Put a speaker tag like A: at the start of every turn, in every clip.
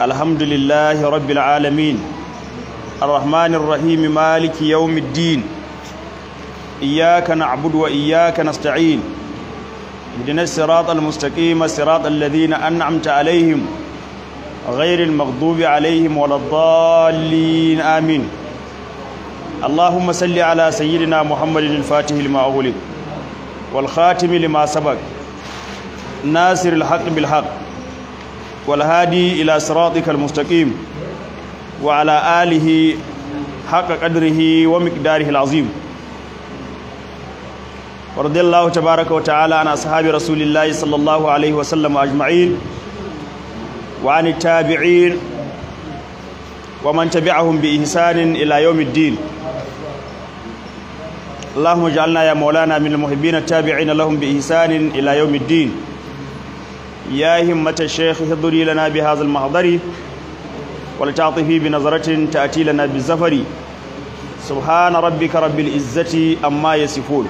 A: الحمد لله رب العالمين الرحمن الرحيم مالك يوم الدين إياك نعبد وإياك نستعين اهدنا الصراط المستقيم صراط الذين أنعمت عليهم غير المغضوب عليهم ولا الضالين آمين اللهم صل على سيدنا محمد الفاتح لما أغلق والخاتم لما سبق ناصر الحق بالحق والهادي إلى صراطك المستقيم وعلى آله حق قدره ومقداره العظيم ورضي الله تبارك وتعالى عن أصحاب رسول الله صلى الله عليه وسلم أجمعين وعن التابعين ومن تبعهم بإحسان إلى يوم الدين اللهم اجعلنا يا مولانا من المحبين التابعين لهم بإحسان إلى يوم الدين يا همة الشيخ اهضري لنا بهذا المحضر Subhana بنظرة تأتي لنا بالزفر سبحان ربك رب العزة أما يصفون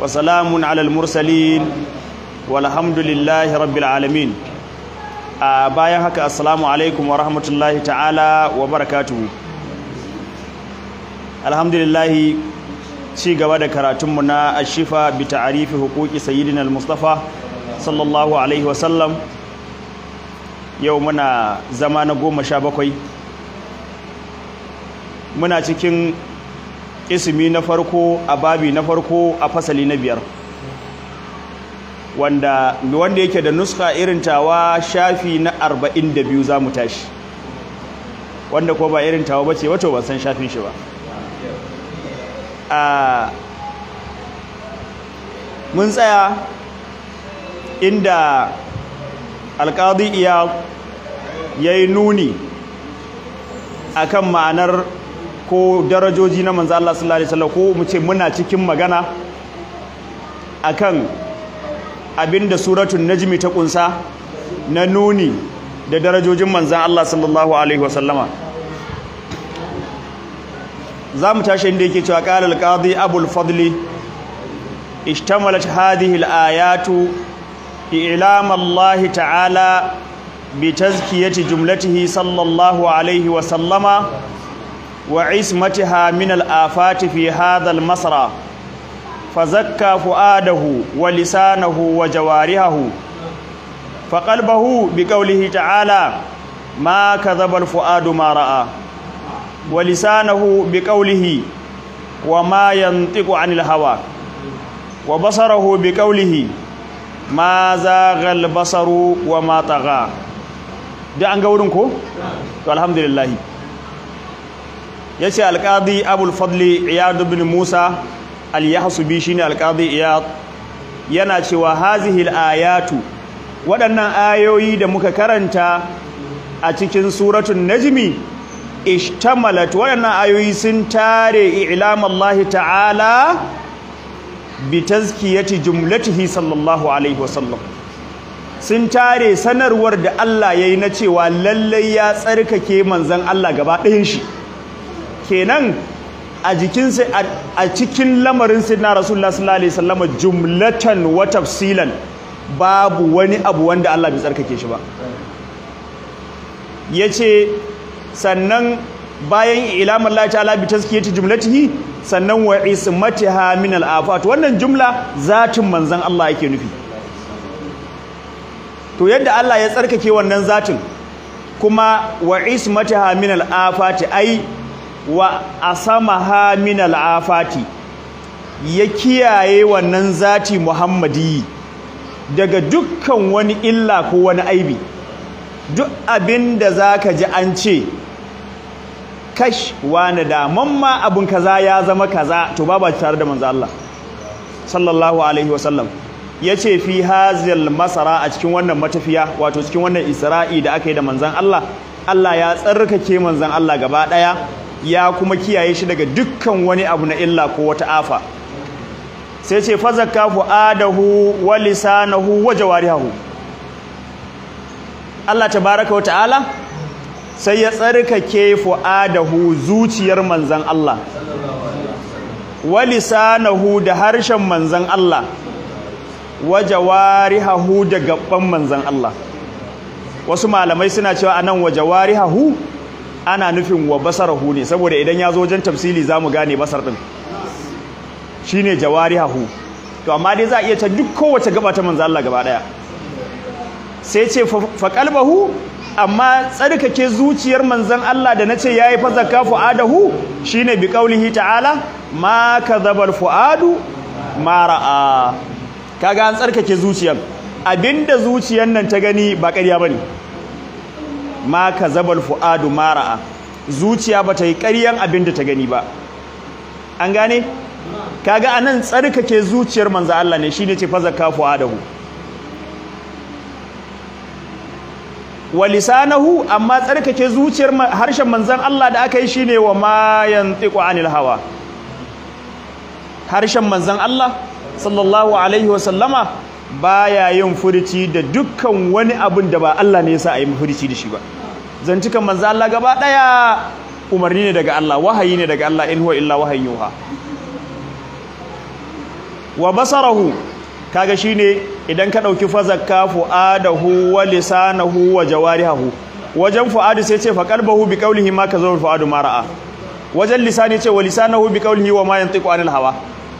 A: وسلام على المرسلين والحمد لله رب العالمين bayan haka assalamu alaikum wa rahmatullahi ta'ala wa barakatuhu alhamdulillahi ci gaba da mu na ashifa bi ta'arifi huquqi sayyidina mustafa sallallahu alaihi wasallam yau muna zama na goma sha bakwai muna cikin ismi na farko a babi na farko a fasali na biyar wanda wanda yake da nuska irin tawa shafi na arba'in da biyu za mu tashi wanda ko ba irin tawa ba ce wato ban san shafin shi ba ah, mun tsaya inda alƙadi iya ya yi nuni a kan ma'anar ko darajoji na manzan Allah sallallahu alaihi wasallam ko mu ce muna cikin magana akan abinda suratun najmi ta kunsa na nuni da darajojin manzan Allah sallallahu alaihi wasallama za mu tashi inda yake cewa qala al abul fadli ishtamalat hadihil ayatu fi ilamallahi ta'ala bi tazkiyati jumlatihi sallallahu alaihi wa sallama wa ismatiha min al'afati fi hadha al-masra fazakka fu'adahu wa lisanahu wa jawarihahu fa qalbahu bi qawlihi ta'ala ma kadhaba al-fu'adu ma ra'a bi qawlihi wa ma yantiqu 'anil hawa wa basarahu bi qawlihi ma zaghal basaru wa ma da an ga wurin ko to ya yace alqadi abul fadli iyad musa al shi ne alkadi iyad yana cewa hazihil ayatu waɗannan ayoyi da muka karanta a cikin suratun najmi ishtamalat waɗannan ayoyi sun tare i'lam ta'ala bi tazkiyati jumlatihi sallallahu alaihi wasallam sun tare sanarwar da Allah yayi na cewa lallai ya tsarkake manzon Allah gaba ɗayan shi kenan a sai a cikin lamarin sayyidina rasulullah sallallahu alaihi wasallam jumlatan wa tafsilan babu wani abu wanda Allah bai tsarkake shi ba yace sannan bayan ilamin Allah ta'ala bi tazkiyati jumlatihi sannan wa ismatiha min al wannan jumla zatin manzon Allah yake nufi to yadda Allah ya tsarkake wannan zatin kuma wa ismatiha min al ai wa asamaha min al-afati ya kiyaye wannan zati muhammadi daga dukkan wani illa ko wani aibi duk abinda zaka ji an ce kash wani da mamma abin kaza ya zama kaza to ba ba tare da manzo Allah sallallahu alaihi wasallam yace fi hazil masara a cikin wannan matafiya wato cikin wannan isra'i da aka yi da manzon Allah Allah ya tsarkake manzon Allah gaba daya ya kuma kiyaye shi daga dukkan wani abu na illa ko wata afa sai ce fazakka adahu wa lisanahu wa hahu. Allah baraka wa ta'ala sai ya tsarkake fu'adahu zuciyar manzan Allah walisanahu da harshen manzan Allah wajawarihahu da gaban manzan Allah wasu malamai suna cewa anan hahu ana nufin wa basarahu ne saboda idan ya zo wajen tafsili zamu gane basar din shine jawarihahu to amma dai za a iya ta duk kowace gaba ta manzan Allah gaba ɗaya. sai ce fa qalbahu amma tsarkake zuciyar manzon Allah da nace yayi fa zakka adahu shine bi qaulihi ta'ala ma kadhabal fuadu ma ra'a kaga an tsarkake zuciyar abinda zuciyar nan ta gani ba ƙarya bane ma kadhabal fuadu ma ra'a zuciya bata yi ƙaryan abinda ta gani ba an gane kaga anan tsarkake zuciyar manzon Allah ne shine ce fa zakka adahu. walisanahu amma tsarkake zuciyar harshen manzon Allah da aka yi shine wa mayan anil hawa harshen manzon Allah sallallahu alaihi wa sallama baya yin furici da dukkan wani abin da ba Allah ne yasa a yi furici da shi ba zantukan manzon Allah gaba daya umarni ne daga Allah wahayi ne daga Allah in huwa illa wahayi yuha wa basarahu kaga shine idan ka dauki fazakka fuadahu wa lisanahu wa hu wajen fuadu sai ce fa qalbahu bi qawlihi ma kazawul fuadu ma ra'a wajen lisani ce wa lisanahu bi qawlihi wa ma yantiqu anil hawa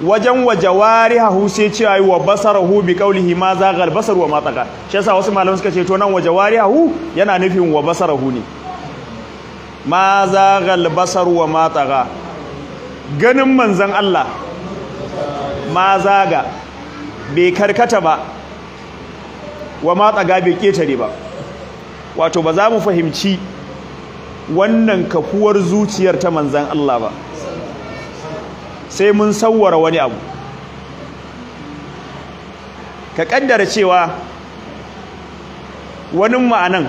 A: wajen wa jawarihu sai ce ayi wa basarahu bi qawlihi ma zagal basar wa ma taqa shi yasa wasu malamai suka ce to nan wa jawarihu yana nufin wa basarahu ne ma zagal basar wa ma taqa ganin manzon Allah ma zaga bai karkata ba wa matsaga bai ƙetare ba wato ba za mu fahimci wannan kafuwar zuciyar ta manzan Allah ba sai mun sauwara wani abu ka kaddara cewa wani ma'anan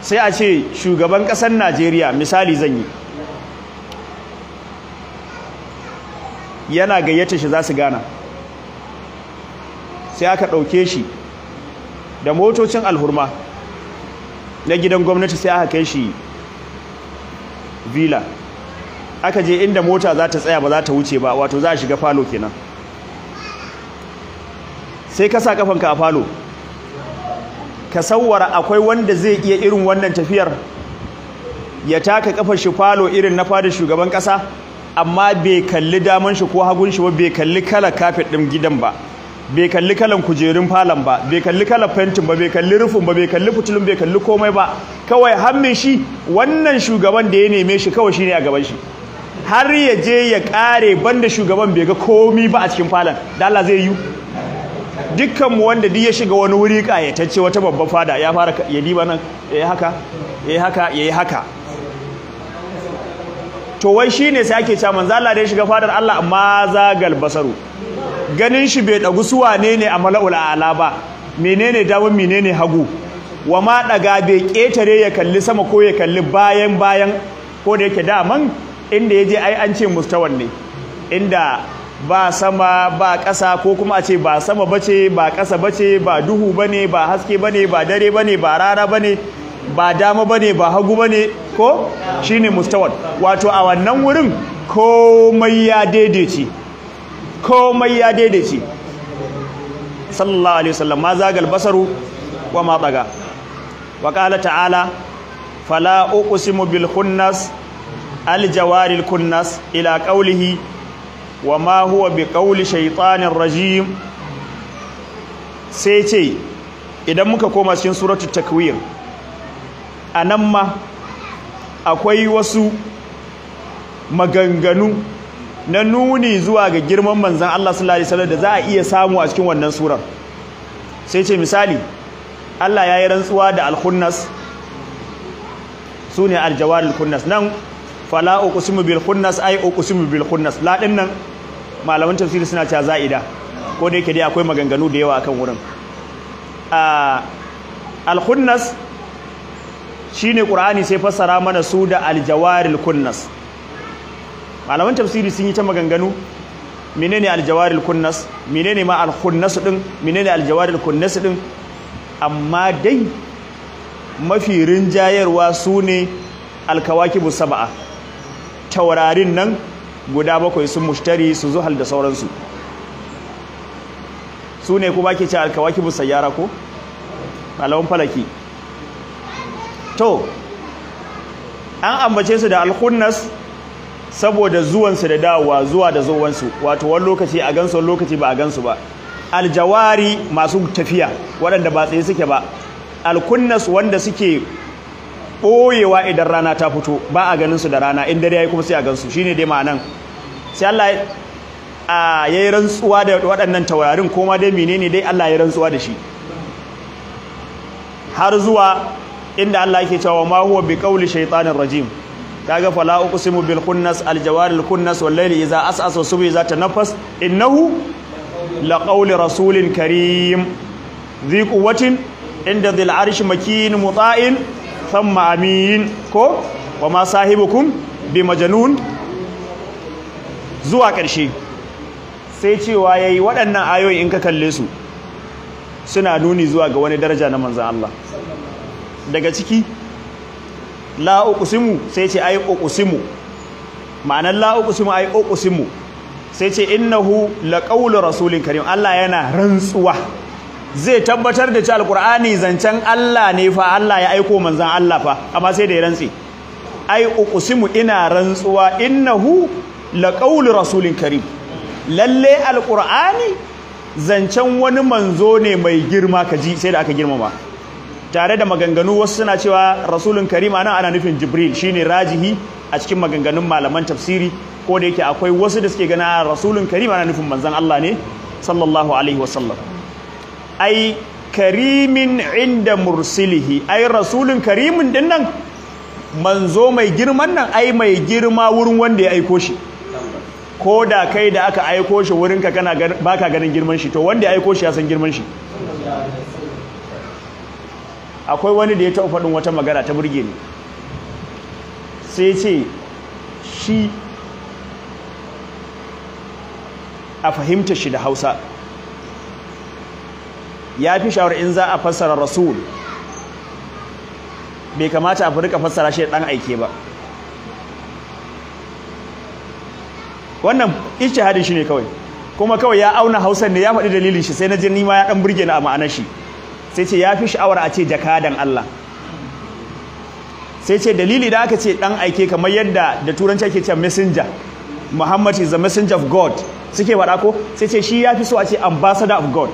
A: sai a ce shugaban ƙasar Najeriya misali zan yi yana gayyata shi za su gana sai aka ɗauke shi da motocin alhurma na gidan gwamnati sai aka kai shi villa aka je inda mota za ta tsaya ba za ta wuce ba wato za a shiga falo kenan sai ka sa kafanka a falo ka sauwara akwai wanda zai iya irin wannan tafiyar ya taka kafar shi falo irin na fadar shugaban kasa amma bai kalli daman shi ko hagun shi ba bai kalli kala kafet ɗin gidan ba bai kalli kalan kujerun falon ba bai kalli kalan fentin ba bai kalli rufin ba bai kalli fitilun bai kalli komai ba kawai hannun shi wannan shugaban da ya neme shi kawai shine a gaban shi har ya je ya kare banda shugaban bai ga komi ba a cikin falon da Allah zai yi dukkan mu wanda duk ya shiga wani wuri kayatacce wata babban fada ya fara ya diba nan ya yi haka ya yi haka ya yi haka to wai shine sai ake cewa manzo Allah da ya shiga fadar Allah amma zagal basaru ganin shi bai dagu su wane ne a mala'ul a'la ba menene dawon menene hagu wa ma daga bai ketare ya kalli sama ko ya kalli bayan bayan ko da yake daman inda ya je ai an ce mustawan ne inda ba sama ba ƙasa ko kuma a ce ba sama bace ba ƙasa bace ba duhu bane ba haske bane ba dare bane ba rana bane ba dama bane ba hagu bane ko Shi ne mustawan wato a wannan wurin komai ya daidaice komai ya daidaice sallallahu alaihi wasallam ma zagal basaru wa ma daga wa qala ta'ala fala uqsimu bil khunnas al jawaril khunnas ila qawlihi wa ma huwa bi qawli shaytanir rajim sai ce idan muka koma cikin suratul takwir anan ma akwai wasu maganganu na nuni zuwa ga girman manzan Allah sallallahu alaihi wasallam da za a iya samu a cikin wannan surar sai ce misali Allah ya yi rantsuwa da al-khunnas sune al-jawar nan fala uqsimu bil khunnas ay uqsimu bil khunnas la nan malaman tafsiri suna cewa za'ida ko da yake dai akwai maganganu da yawa akan wurin al-khunnas shine qur'ani sai fassara mana su da al-jawaril malaman tafsiri sun yi ta maganganu menene aljawaril kunnas menene ma alkhunnas din menene aljawaril kunnas din amma dai mafi rinjayarwa sune alkawakibu sab'a taurarin nan guda bakwai sun mushtari su zuhal da sauransu su ne kuma ke ce alkawakibu sayyara ko malaman falaki to an ambace su da alkhunnas saboda zuwansu da dawowa zuwa da zuwansu wato wani lokaci a gansu wani lokaci ba a gansu ba aljawari masu tafiya waɗanda ba tsaye suke ba alkunnas wanda suke ɓoyewa idan rana ta fito ba a ganin su da rana in dare yayi kuma sai a gansu shine dai ma'anan sai Allah a yayi rantsuwa da waɗannan taurarin koma dai menene dai Allah ya rantsuwa da shi har zuwa inda Allah yake cewa ma huwa biqauli shaytanir rajim kaga fala uqsimu bil khunnas al al khunnas wal layli idha as'asa subhi idza tanaffas innahu qawli rasulin karim dhi quwwatin inda dhil arshi makin muta'in thumma amin ko wa ma sahibukum bi majnun zuwa karshe sai cewa yayi waɗannan ayoyi in ka kalle su suna nuni zuwa ga wani daraja na manzan Allah daga ciki la uqsimu sai ce ai uqsimu ma'anar la uqsimu ai uqsimu sai ce innahu laqawlu rasulin karim Allah yana rantsuwa zai tabbatar da ci alqur'ani zancen Allah ne fa Allah ya aiko manzon Allah fa amma sai da ya rantsi ai uqsimu ina rantsuwa innahu laqawlu rasulin karim lalle Alƙur'ani zancen wani manzo ne mai girma kaji sai da aka girmama tare da maganganu wasu suna cewa rasulun karima nan ana nufin jibril shine rajihi a cikin maganganun malaman tafsiri ko da yake akwai wasu da suke gana ah, rasulun karima ana nufin manzan Allah ne sallallahu alaihi wasallam ai karimin inda mursilihi ai rasulun karimin din nan manzo mai girman nan ai mai girma wurin wanda ya aiko shi ko da kai da aka aiko shi wurinka kana baka ganin girman shi to wanda ya aiko shi ya san girman shi akwai wani da ya taɓa faɗin wata magana ta burge ni sai ce shi a fahimta shi da hausa ya fi shawar in za a fassara rasul bai kamata a rika fassara shi da ɗan aike ba wannan hadin shi ne kawai kuma kawai ya auna hausa ne ya faɗi dalilin shi sai na ji ma ya ɗan burge ni a ma'anar shi sai ce ya fi sha'awar a ce jakadan Allah sai ce dalili da aka ce dan aike kamar yadda da turanci ake ce messenger Muhammad is the messenger of God suke wada ko sai ce shi ya fi so a ce ambassador of God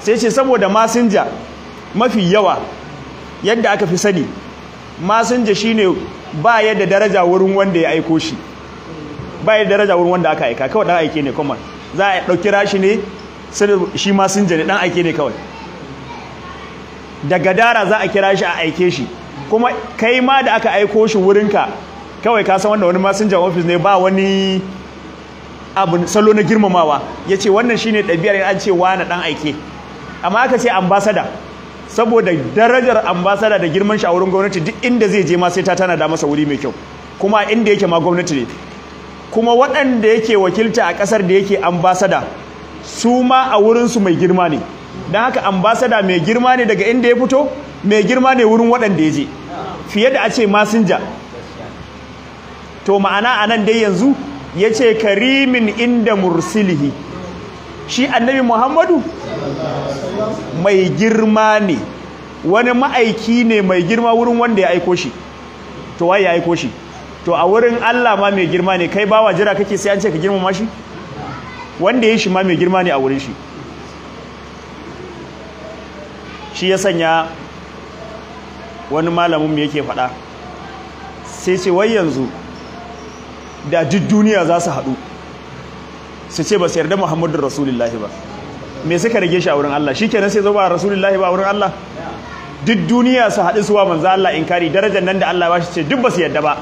A: sai ce saboda messenger mafi yawa yadda aka fi sani messenger shi ne ba yadda daraja wurin wanda ya aiko shi ba yadda daraja wurin wanda aka aika kawai dan aike ne kuma za a ɗauki rashi ne shi messenger ne dan aike ne kawai da gadara za a kira shi a aike shi kuma kai ma da aka aiko shi wurinka kawai ka san wanda wani masinja ofis ne ba wani abu salo na girmamawa ya ce wannan shi ne ɗabi'ar an ce na ɗan aike amma aka ce ambasada saboda darajar ambasada da girman shi a wurin gwamnati duk inda zai je ma sai ta tana da masa wuri mai kyau kuma inda yake ma gwamnati ne kuma waɗanda yake wakilta a ƙasar da yake ambasada su ma a wurinsu mai girma ne don haka ambasada mai girma ne daga inda ya fito mai girma ne wurin waɗanda ya je fiye da a ce masinja to ma'ana a nan dai yanzu ya ce karimin inda mursilihi shi annabi muhammadu mai girma ne wani ma'aiki ne mai girma wurin wanda ya aiko shi to wa ya aiko shi to a wurin Allah ma mai girma ne kai bawa jira kake sai an ce ka girma shi wanda ya shi ma mai girma ne a wurin shi shi ya sanya wani malamin mu yake faɗa sai ce wai yanzu da duk duniya za su haɗu su ce ba su yarda Muhammadu rasulullahi ba me suka rage shi a wurin Allah shi kenan sai zo ba rasulullahi ba a wurin Allah duk duniya su haɗu suwa manzo Allah in kari darajar nan da Allah ba shi ce duk ba su yarda ba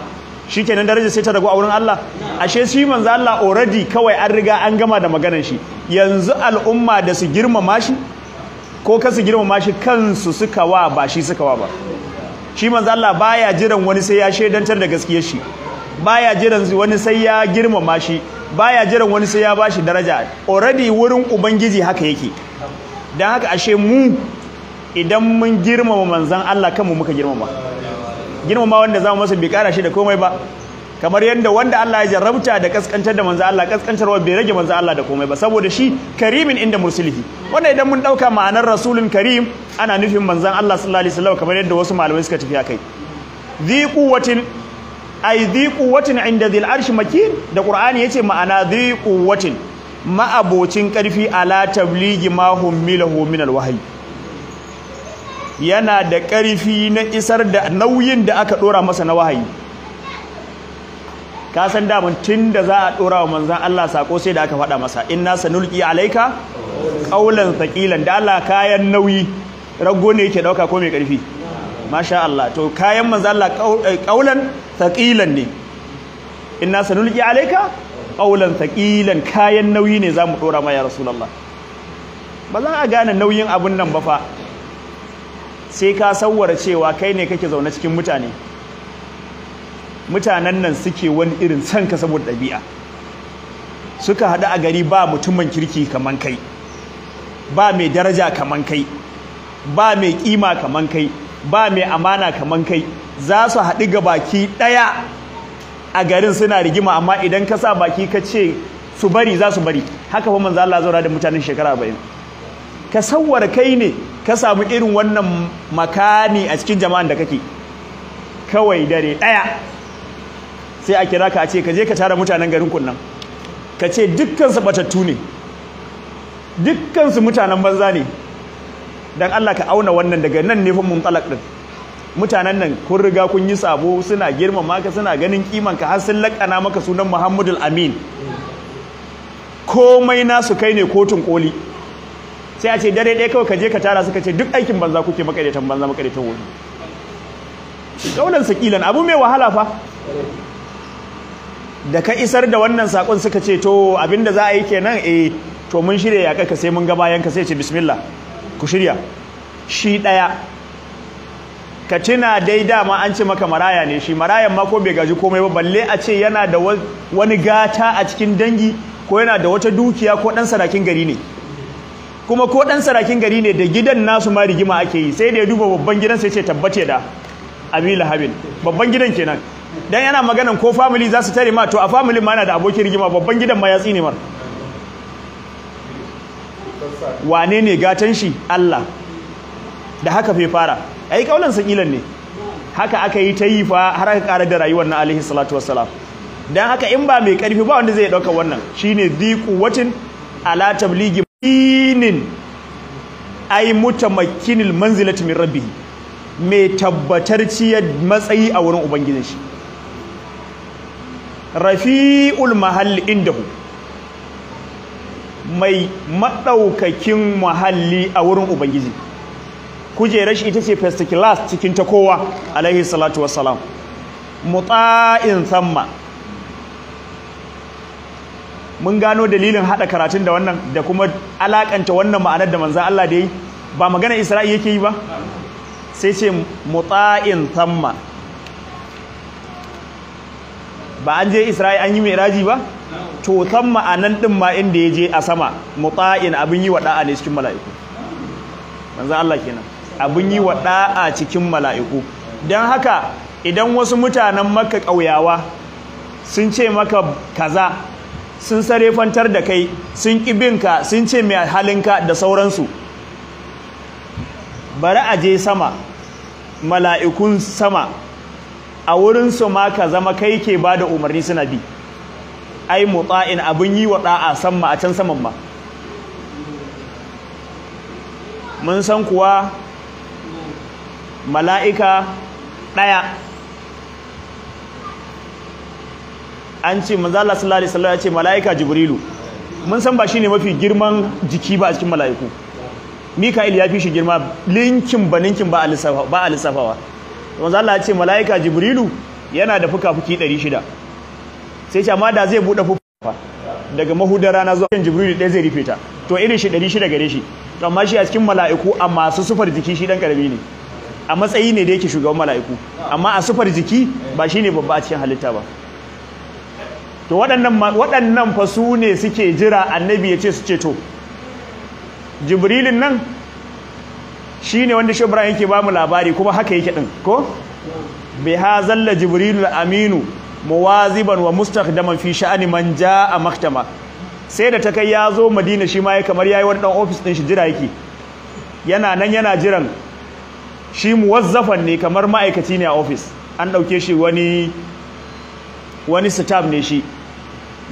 A: kenan darajar sai ta ragu a wurin Allah ashe shi manzo Allah already kawai an riga an gama da maganar shi yanzu al'umma da su girmama shi ko su girmama shi kansu suka wa ba shi suka wa ba shi manzo Allah baya jiran wani sai ya shedantar da gaskiyar shi baya jiran wani sai ya girmama shi baya jiran wani sai ya ba shi daraja already wurin ubangiji haka yake dan haka ashe mu idan mun girmama manzon Allah kanmu muka girmama girmama wanda zamu masa bai kara shi da komai ba kamar yadda wanda Allah ya jarrabta da kaskantar da manzo Allah kaskantarwa bai rage manzo Allah da komai ba saboda shi karimin inda mursilihi wanda idan mun dauka ma'anar rasulun karim ana nufin manzon Allah sallallahu alaihi wasallam kamar yadda wasu malamai suka tafi akai dhi quwwatin ay dhi quwwatin inda dhil arsh makin da qur'ani yace ma'ana dhi quwwatin ma'abocin karfi ala tabligi ma hummilahu min wahyi yana da karfi na isar da nauyin da aka dora masa na wahayi ka san mun tun da za a ɗora wa manzan Allah sako sai da aka faɗa masa inna sanulqi alayka ƙaulan thaqilan da Allah kayan nauyi rago ne yake ɗauka ko mai ƙarfi masha Allah to kayan manzan Allah ƙaulan eh, thaqilan ne inna sanulqi alayka ƙaulan thaqilan kayan nauyi ne za mu ɗora ma ya rasulullah ba za a gane nauyin abun nan ba fa sai ka sawwara cewa kai ne kake zaune cikin mutane mutanen nan suke wani irin son ka saboda ɗabi'a suka haɗu a gari ba mutumin kirki kaman kai ba mai daraja kaman kai ba mai ƙima kaman kai ba mai amana kaman kai za su haɗu ga baki ɗaya a garin suna rigima amma idan ka sa baki ka ce su bari za su bari haka fa manzo Allah zaura da mutanen shekara 40 ka sawwara kai ne ka samu irin wannan makani a cikin jama'an da kake kawai dare ɗaya sai a kira ka a ce ka je ka tara mutanen garin kunnan ka ce dukkansu batattu ne dukkansu mutanen banza ne don Allah ka auna wannan daga nan ne fa muntalak din mutanen nan kun riga kun yi sabo suna girmama ka suna ganin kiman ka har sun lakana maka sunan Muhammadul Amin komai nasu kai ne kotun koli sai a ce dare ɗaya kawai ka je ka tara suka ce duk aikin banza kuke makaidatan banza makaidatan wani kaulan sakilan abu mai wahala fa da ka isar da wannan sakon suka ce to abinda za a yi kenan eh to mun shirya kai ka sai mun ga bayan ka sai ce bismillah ku shirya shi ɗaya ka tuna dai dama an ce maka maraya ne shi marayan ma ko bai gaji komai ba balle a ce yana da wani gata a cikin dangi ko yana da wata dukiya ko dan sarakin gari ne kuma ko dan sarakin gari ne da gidan nasu ma rigima ake yi sai da ya duba babban gidan sai ce tabbace da abi lahabin babban gidan kenan dan yana magana ko family za su tare ma to a family ma yana da abokin rigima babban gidan ma ya tsine mar wane ne gatan shi Allah da haka fe fara ai kaulan kilan ne haka aka yi ta yi fa har aka karar da rayuwar na alaihi salatu wassalam dan haka in ba mai karfi ba wanda zai dauka wannan shine diqu watin ala tabligi dinin ai mutamakkinil manzilati min rabbih mai tabbatar ciyar matsayi a wurin ubangijin shi rafi'ul mahalli indahu mai maɗaukakin muhalli a wurin ubangiji kujerar shi ita ce first class cikin ta kowa alaihi salatu wassalam mutsa'in samma mun gano dalilin haɗa karatun da wannan da kuma alakanta wannan ma'anar da manzan Allah da yi ba magana isra'i yake yi ba sai ce mutsa'in samma ba an je Isra'i an yi miraji ba to san ma'anan din ma inda ya je a sama muta'in abin yi wa da'a ne cikin mala'iku manzo Allah kenan abin yi wa da'a cikin mala'iku dan haka idan wasu mutanen Makka kauyawa sun ce maka kaza sun fantar da kai sun binka, sun ce mai halinka da sauransu bari a je sama mala'ikun sama a wurinsu ma ka zama kai ke ba da umarni suna bi ai mutsa'in abin yi wa ɗa'a sama a can saman ma mun san kuwa mala'ika ɗaya an ce manzala sallallahu alaihi wasallam ya ce mala'ika jibrilu mun san ba shine mafi girman jiki ba a cikin mala'iku mika'il ya fi shi girma linkin ba linkin ba a lissafawa manzo Allah ya ce malaika jibrilu yana da fukafuki 600 sai ce amma da zai bude fukafa daga mahudar rana zuwa jibrilu ɗaya zai rufe ta to irin shi 600 gare shi to amma shi a cikin mala'iku a masu sufar jiki shi dan karami ne a matsayi ne da yake shugaban mala'iku amma a sufar jiki ba shi ne babba a cikin halitta ba to waɗannan fa su ne suke jira annabi ya ce su ce to jibrilin nan Shi ne wanda shi yake ba mu labari kuma haka yake din ko bi hazalla jibril aminu muwaziban wa mustakdaman fi sha'ani man jaa maktama sai da ta kai ya zo madina shi ma ya kamar yi wani ɗan ofis din shi jira yake yana nan yana jiran shi muwazzafan ne kamar ma'aikaci ne a ofis an ɗauke shi wani wani staff ne shi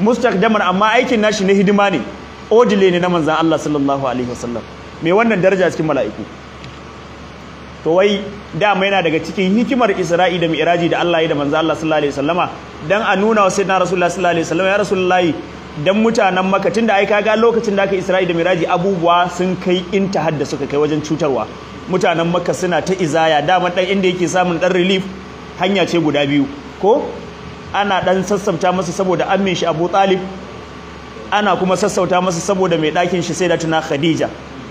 A: mustakdaman amma aikin nashi na hidima ne odile ne na manzan Allah sallallahu alaihi wasallam mai wannan daraja cikin mala'iku to wai dama yana daga cikin hikimar Isra'i da Mi'raji da Allah ya da manzo Allah sallallahu alaihi wasallama dan a nuna wa sayyidina Rasulullah sallallahu alaihi wasallama ya Rasulullahi dan mutanen Makka tunda ai kaga lokacin da aka Isra'i da Mi'raji abubuwa sun kai intihad da suka kai wajen cutarwa mutanen Makka suna ta izaya dama dan inda yake samun dan relief hanya ce guda biyu ko ana dan sassauta masa saboda amin shi Abu Talib ana kuma sassauta masa saboda mai ɗakin shi sai da tuna Khadija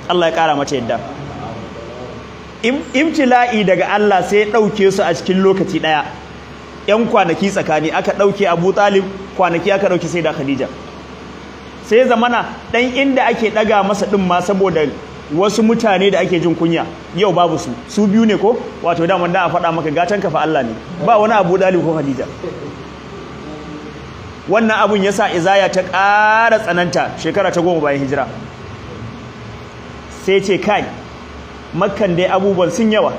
A: Allah ya kara mata yadda imtila'i daga Allah sai ya ɗauke su a cikin lokaci ɗaya ‘yan kwanaki tsakani aka ɗauke abu talib kwanaki aka ɗauke sai da khadija sai zamana ɗan inda ake ɗaga masa ɗin ma saboda wasu mutane da ake jin kunya yau babu su su biyu ne ko wato da da a faɗa maka gatan ka fa Allah ne ba wani abu dalib ko hadija wannan abun ya sa izaya ta ƙara tsananta shekara ta goma bayan hijira sai ce kai makkan dai abubuwan sun yawa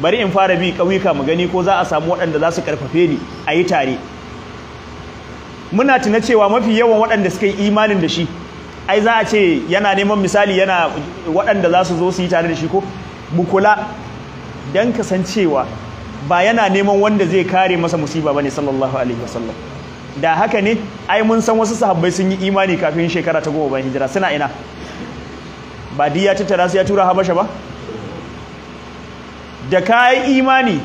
A: bari in fara bi ƙauyuka mu gani ko za a samu waɗanda za su karfafe ni a yi tare muna tuna cewa mafi yawan waɗanda suka yi imanin da shi ai za a ce yana neman misali yana waɗanda za su zo su yi tare da shi ko bukula don kasancewa ba yana neman wanda zai kare masa musiba ba ne sallallahu alaihi wasallam da haka ne ai mun san wasu sahabbai sun yi imani kafin shekara ta goma bayan hijira suna ina ba di ya tattara su ya tura habasha ba da yi imani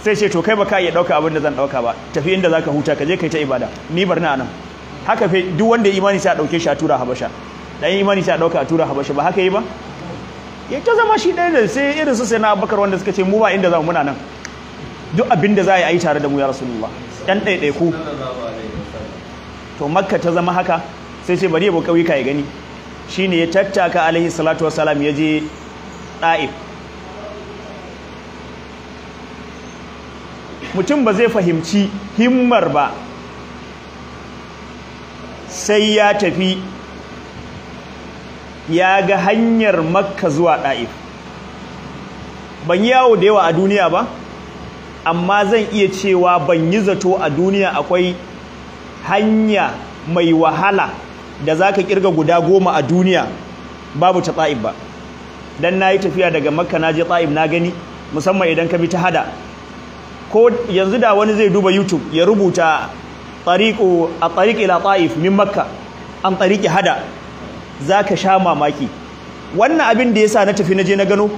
A: sai ce to kai ba ka iya ɗauka abin da zan ɗauka ba tafi inda za ka huta ka je kai ta ibada ni bar na nan haka fe duk wanda imani sai a ɗauke shi a tura habasha dan imani sai a ɗauka a tura habasha ba haka yi ba ya ta zama shi ɗaya da sai irin su sai na abubakar wanda suka ce mu ba inda za muna nan duk abin da za a yi tare da mu ya rasulullah ɗan ɗaiɗaiku to makka ta zama haka sai sai bari ya bu ƙauyuka ya gani shine ya tattaka alaihi salatu salam ya je ɗa'ib mutum ba zai fahimci himmar ba sai ya tafi ya ga hanyar makka zuwa ɗa'ib ban yawo da yawa a duniya ba amma zan iya cewa ban yi zato a duniya akwai hanya mai wahala da za ka kirga guda goma a duniya babu ta ta'ib ba dan na yi tafiya daga makka na je ta'ib na gani musamman idan ka bi ta hada ko yanzu da wani zai duba youtube ya rubuta tariqu a tariq ila ta'if min makka an tariqi hada za ka sha mamaki wannan abin da yasa na tafi na je na gano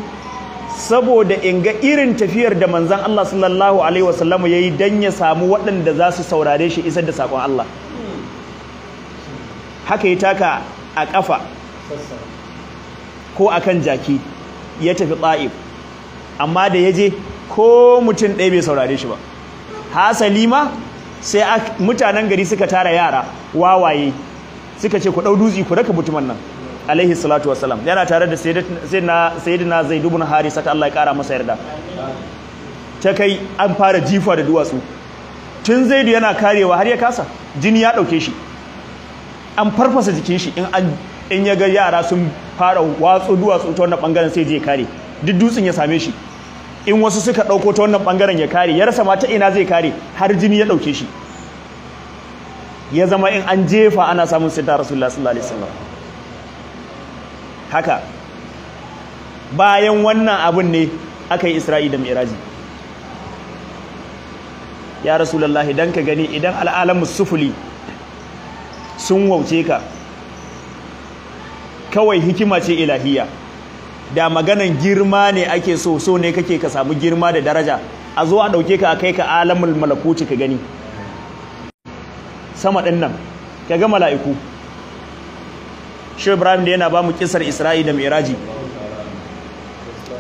A: saboda in ga irin tafiyar da manzon Allah sallallahu alaihi wasallam yayi dan ya samu waɗanda za su saurare shi isar da sakon Allah haka ya taka a ƙafa ko akan jaki ya tafi ta'if amma da ya je ko mutum ɗaya bai saurare shi ba hasali ma sai mutanen gari suka tara yara wawaye suka ce ku ɗau dutse ku raka mutumin nan alaihi salatu wasalam yana tare da sayyidina zaid ibn harisa saka Allah ya kara masa yarda ta kai an fara jifa da duwatsu tun zaidu yana karewa har ya kasa jini ya ɗauke shi an farfasa jikin shi in an in ya ga yara sun fara watsu duwatsu ta wannan bangaren sai je kare duk dutsen ya same shi in wasu suka dauko ta wannan bangaren ya kare ya rasa mata ina zai kare har jini ya dauke shi ya zama in an jefa ana samun sita rasulullah sallallahu alaihi wasallam haka bayan wannan abun ne aka yi isra'i da mi'raji ya rasulullah dan ka gani idan al'alamu sufuli sun wauce ka kawai hikima ce ilahiya da maganan girma ne ake so so ne kake ka samu girma da daraja a zo a ɗauke ka a kai ka alamul malakuci ka gani sama ɗin nan ka ga mala'iku shi ibrahim da yana ba mu kisar isra'i da miraji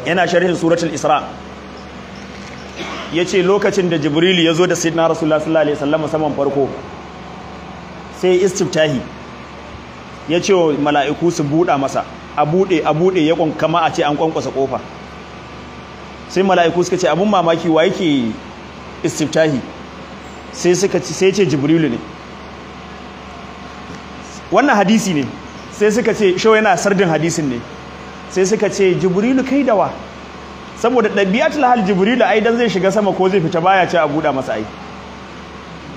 A: yana sharhin suratul isra ya ce lokacin da jibrilu ya zo da sidna rasulullah sallallahu alaihi wasallam saman farko sai istiftahi ya ce wa mala'iku su buɗa masa a buɗe a buɗe ya kama a ce an kwankwasa ƙofa sai mala'iku suka ce abin mamaki wa yake istiftahi sai suka ce sai ce jibrilu ne wannan hadisi ne sai suka ce shau yana sardin hadisin ne sai suka ce jibrilu kai dawa saboda ɗabi'atul hal jibrilu ai dan zai shiga sama ko zai fita baya ce a buɗa masa ai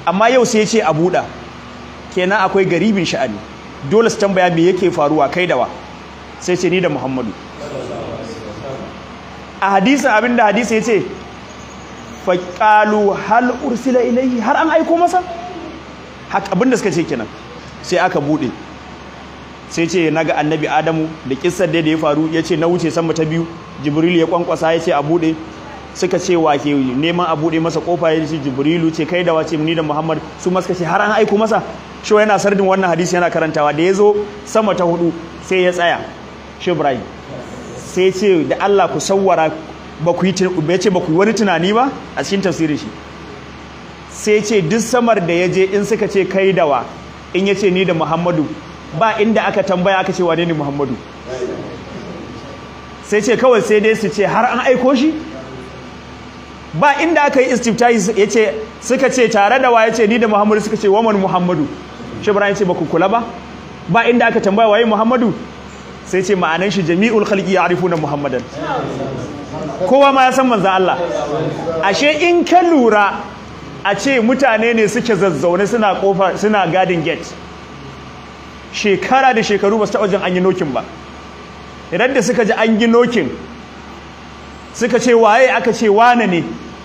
A: amma yau sai ya ce a buɗa kenan akwai garibin sha'ani dole su tambaya me yake faruwa kai dawa sai ce ni da muhammadu a hadisin abinda hadisi ya ce faƙalu hal ursila ilayhi har an aiko masa abinda suka ce kenan sai aka buɗe sai ce naga annabi adamu da kissar da ya faru ya ce na wuce sama ta biyu jibril ya kwankwasa ya ce a buɗe suka ce wa ke neman a buɗe masa kofa ya ce jibrilu ce kai da wace ni da muhammad su ma ce har an aiko masa shi yana sardin wannan hadisi yana karantawa da ya zo sama ta hudu sai ya tsaya shi ibrahim sai ce da Allah ku sawwara ba ku yi ce ba ku wani tunani ba a cikin tafsirin shi sai ce duk samar da ya je in suka ce kai dawa in ya ce ni da muhammadu ba inda aka tambaya aka ce wane ne muhammadu sai ce kawai sai dai su ce har an aiko shi ba inda aka yi istiftahi ya ce suka ce tare da wa ya ce ni da muhammadu suka ce waman muhammadu shi ce ba ku kula ba ba inda aka tambaya waye Muhammadu sai ce ma'anan shi jami'ul khalqi ya'rifuna Muhammadan kowa ma ya san manza Allah ashe in ka lura a ce mutane ne suke zazzaune suna kofa suna garden gate shekara da shekaru ba su taɓa jin an yi nokin ba idan da suka ji an yi nokin suka ce waye aka ce wane ne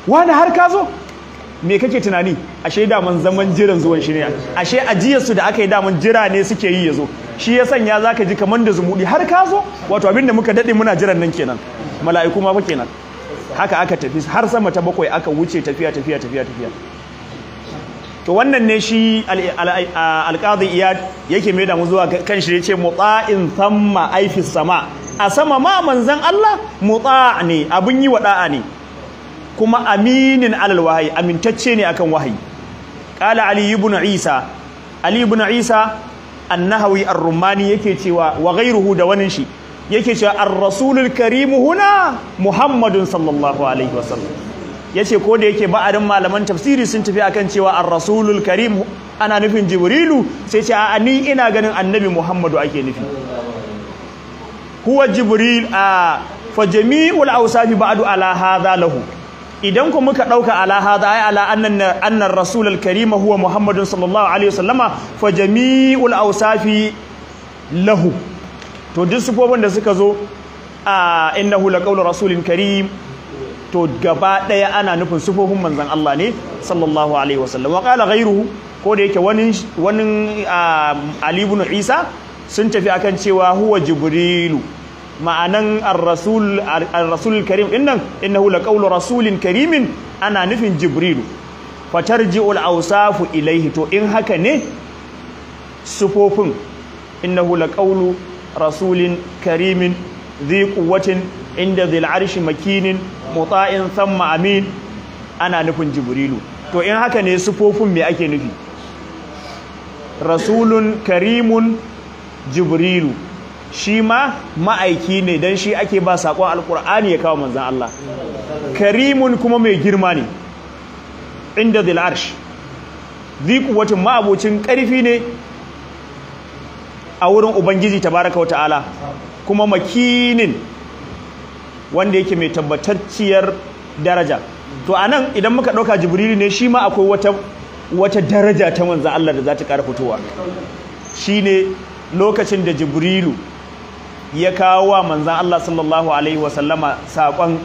A: wane har ka zo me kake tunani ashe daman zaman jiran zuwan shi ne ashe ajiyar su da aka yi daman jira ne suke yi yazo shi ya sanya zaka ji kaman da zumudi har ka zo wato abin da muka dade muna jiran nan kenan mala'iku ma fa kenan haka aka tafi har sama ta bakwai aka wuce tafiya tafiya tafiya tafiya to wannan ne shi alqadi iyad yake mai da mu zuwa kan shi yace muta'in thamma aifis sama a sama ma manzan Allah muta' ne abun yi wada'a ne kuma aminin alal wahayi amintacce ne akan wahayi qala ali ibn isa ali ibn isa annahawi ar-rumani yake cewa wa ghayruhu da wani shi yake cewa ar-rasulul karim huna muhammadun sallallahu alaihi wasallam yace ko da yake ba'arin malaman tafsiri sun tafi akan cewa ar-rasulul karim ana nufin jibrilu sai ce a ni ina ganin annabi muhammadu ake nufi huwa jibril a fa jami'ul awsafi ba'du ala hadha lahu idan ku muka dauka ala hada ay ala annan annar rasul al-karim huwa muhammadun sallallahu alaihi wasallama fa jami'ul awsafi lahu to duk sifofin da suka zo a innahu laqawlu rasulin karim to gaba daya ana nufin sufofin manzon Allah ne sallallahu alaihi wasallam wa qala ghayruhu ko da yake wani wani ali ibn isa sun tafi akan cewa huwa jibrilu ma'anan ar-rasul ar-rasul karim innan innahu laqawlu rasulin karimin ana nufin jibrilu fatarji'ul awsafu ilaihi to in haka ne sufofin innahu laqawlu rasulin karimin dhi quwwatin inda dhil arshi makinin muta'in thumma amin ana nufin jibrilu to in haka ne sufofin me ake nufi rasulun karimun jibrilu shi ma ma'aiki ne don shi ake ba saƙon alƙur'ani ya kawo manzan Allah karimun kuma mai girma ne inda zil'arsh wata ma'abocin ƙarfi ne a wurin ubangiji ta tabaraka wata'ala kuma makinin wanda yake mai tabbatacciyar daraja to a nan idan muka ɗauka jibrilu ne shi ma akwai wata daraja ta manzan Allah da za ta ƙara fitowa shine lokacin da jibrilu ya kawo wa manzan Allah sallallahu alaihi wasallama saƙon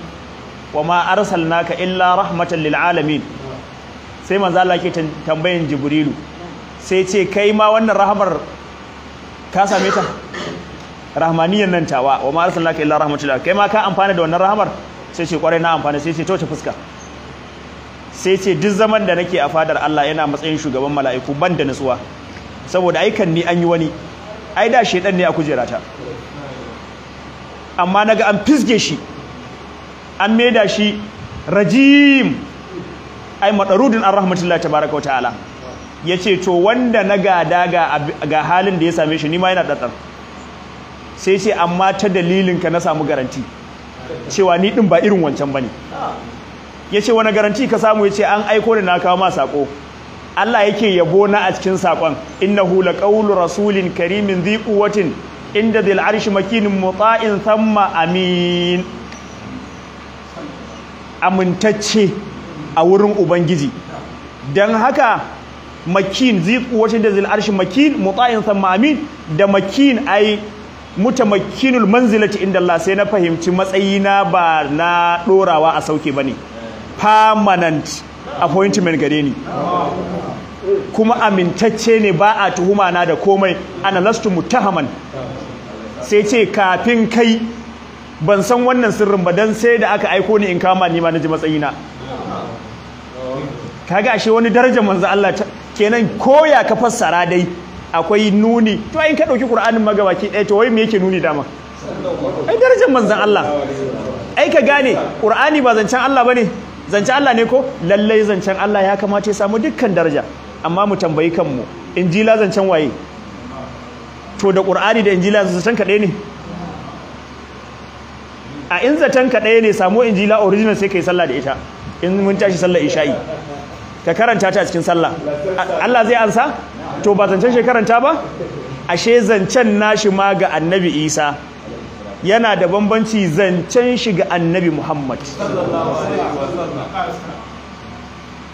A: wa ma arsalnaka illa rahmatan lil alamin sai manzan Allah ke tambayin jibrilu sai ce kai ma wannan rahamar ka same ta rahmaniyan nan tawa wa ma arsalnaka illa rahmatan lil kai ma ka amfana da wannan rahamar sai ce kwarai na amfana sai ce to fuska sai ce duk zaman da nake a fadar Allah yana matsayin shugaban mala'iku ban da nutsuwa saboda aikan ni an yi wani ai da shedan ne a kujerata amma na ga an fisge shi an meda shi rajim ai madarudin an rahmatullahi ala. wataala yace to wanda na gada ga halin da ya same shi nima yana datsar sai ce amma ta dalilin ka na samu garanti cewa ni din ba irin wancan bane yace wani garanti ka samu ya ce an aiko ni na kawo ma sako Allah yake yabo na a cikin sakon hula laqawlu rasulin karimin dhi quwwatin inda zil arshi makinin mutsa'in samma amin amintacce a wurin ubangiji Dan haka makin zikuwacin da zil arshi makin mutsa'in samma amin da makin ai makinul manzilati inda Allah sai na fahimci matsayina ba na dorawa a sauke ba ne permanent appointment gare ni kuma amintacce ne ba a tuhuma na da komai ana lastu muttahaman sai ce kafin kai ban san wannan sirrin ba don sai da aka aiko ni in kama ni ma naji matsayina ga ashe wani darajar manzo Allah kenan koya ka fassara dai akwai nuni to in ka dauki Qur'anin magabaki ɗaya to wai mu yake nuni dama ai darajar manzon Allah ai ka gane Qur'ani ba zancen Allah bane zancen Allah ne ko lallai zancen Allah ya kamata ya samu dukkan daraja amma mu tambayi kanmu injila zancen waye to da ƙur'ani da injila su zaton kaɗai ne a in zaton kaɗai ne samu injila original sai ka yi sallah da ita in mun tashi sallah isha'i ka karanta ta a cikin sallah Allah zai ansa to ba zancen shi karanta ba ashe zancen nashi ma ga annabi isa yana da bambanci zancen shi ga annabi muhammad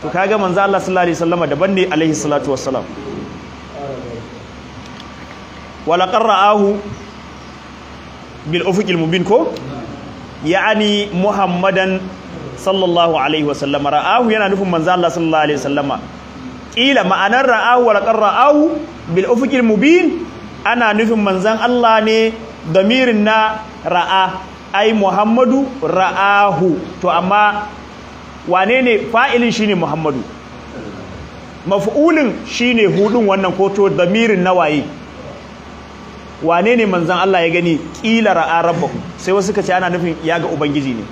A: to kaga manzo Allah sallallahu alaihi wasallam daban ne alaihi salatu wassalam walaƙar ra'ahu bil ufuqil mubin ko ya'ani muhammadan sallallahu alaihi wasallam ra'ahu yana nufin manzan Allah sallallahu alaihi wasallama ma'anar ra'ahu walaƙar ra'ahu bil ufuqil mubin ana nufin manzan Allah ne damirin na ra'a ai muhammadu ra'ahu to amma wane ne fa'ilin shine muhammadu maf'ulin shine hudun wannan ko to damirin nawaye wane ne manzon Allah ya gani kila ra'a rabbahu sai wasu suka ce ana nufin ya ga ubangiji ne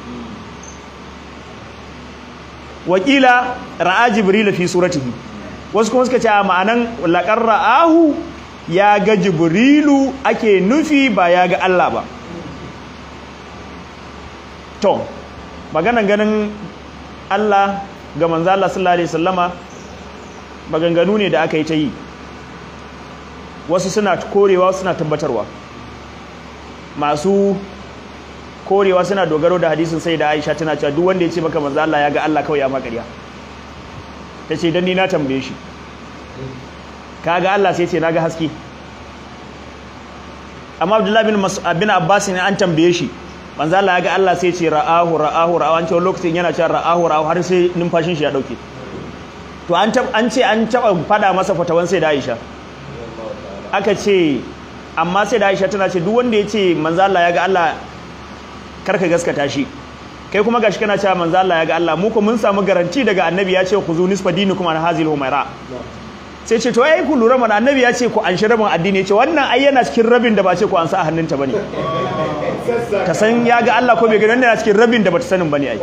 A: wakila ra'a jibril fi suratihi wasu kuma suka ce a ma'anan laqar ra'ahu ya ga jibrilu ake nufi ba ya ga Allah ba to maganan ganin Allah ga manzan Allah sallallahu alaihi wasallama maganganu ne da aka yi ta yi wasu suna korewa suna tabbatarwa masu korewa suna dogaro da hadisin sai da Aisha tana cewa duk wanda ya ce maka manzo Allah ya ga Allah kawai ya makariya ce dan ni na tambaye shi kaga Allah sai ce na ga haske amma Abdullahi bin bin Abbas ne an tambaye shi manzo Allah ya ga Allah sai ce ra'ahu ra'ahu ra'ahu an ce lokacin yana cewa ra'ahu ra'ahu har sai numfashin shi ya dauke to an ce an taba fada masa fatawan sai da Aisha aka ce amma sai da Aisha tana ce duk wanda ya ce manzo Allah ya ga Allah karka gaskata shi kai kuma gashi kana cewa manzo Allah ya ga Allah mu ko mun samu garanti daga annabi ya ce ku zu nisfa kuma na hazil humaira sai ce to ai ku lura mana annabi ya ce ku an shi rabin addini ce wannan ai yana cikin rabin da ba ce ku an sa a hannunta bane ta san ya ga Allah ko bai ga wannan yana cikin rabin da bata sanin bane ai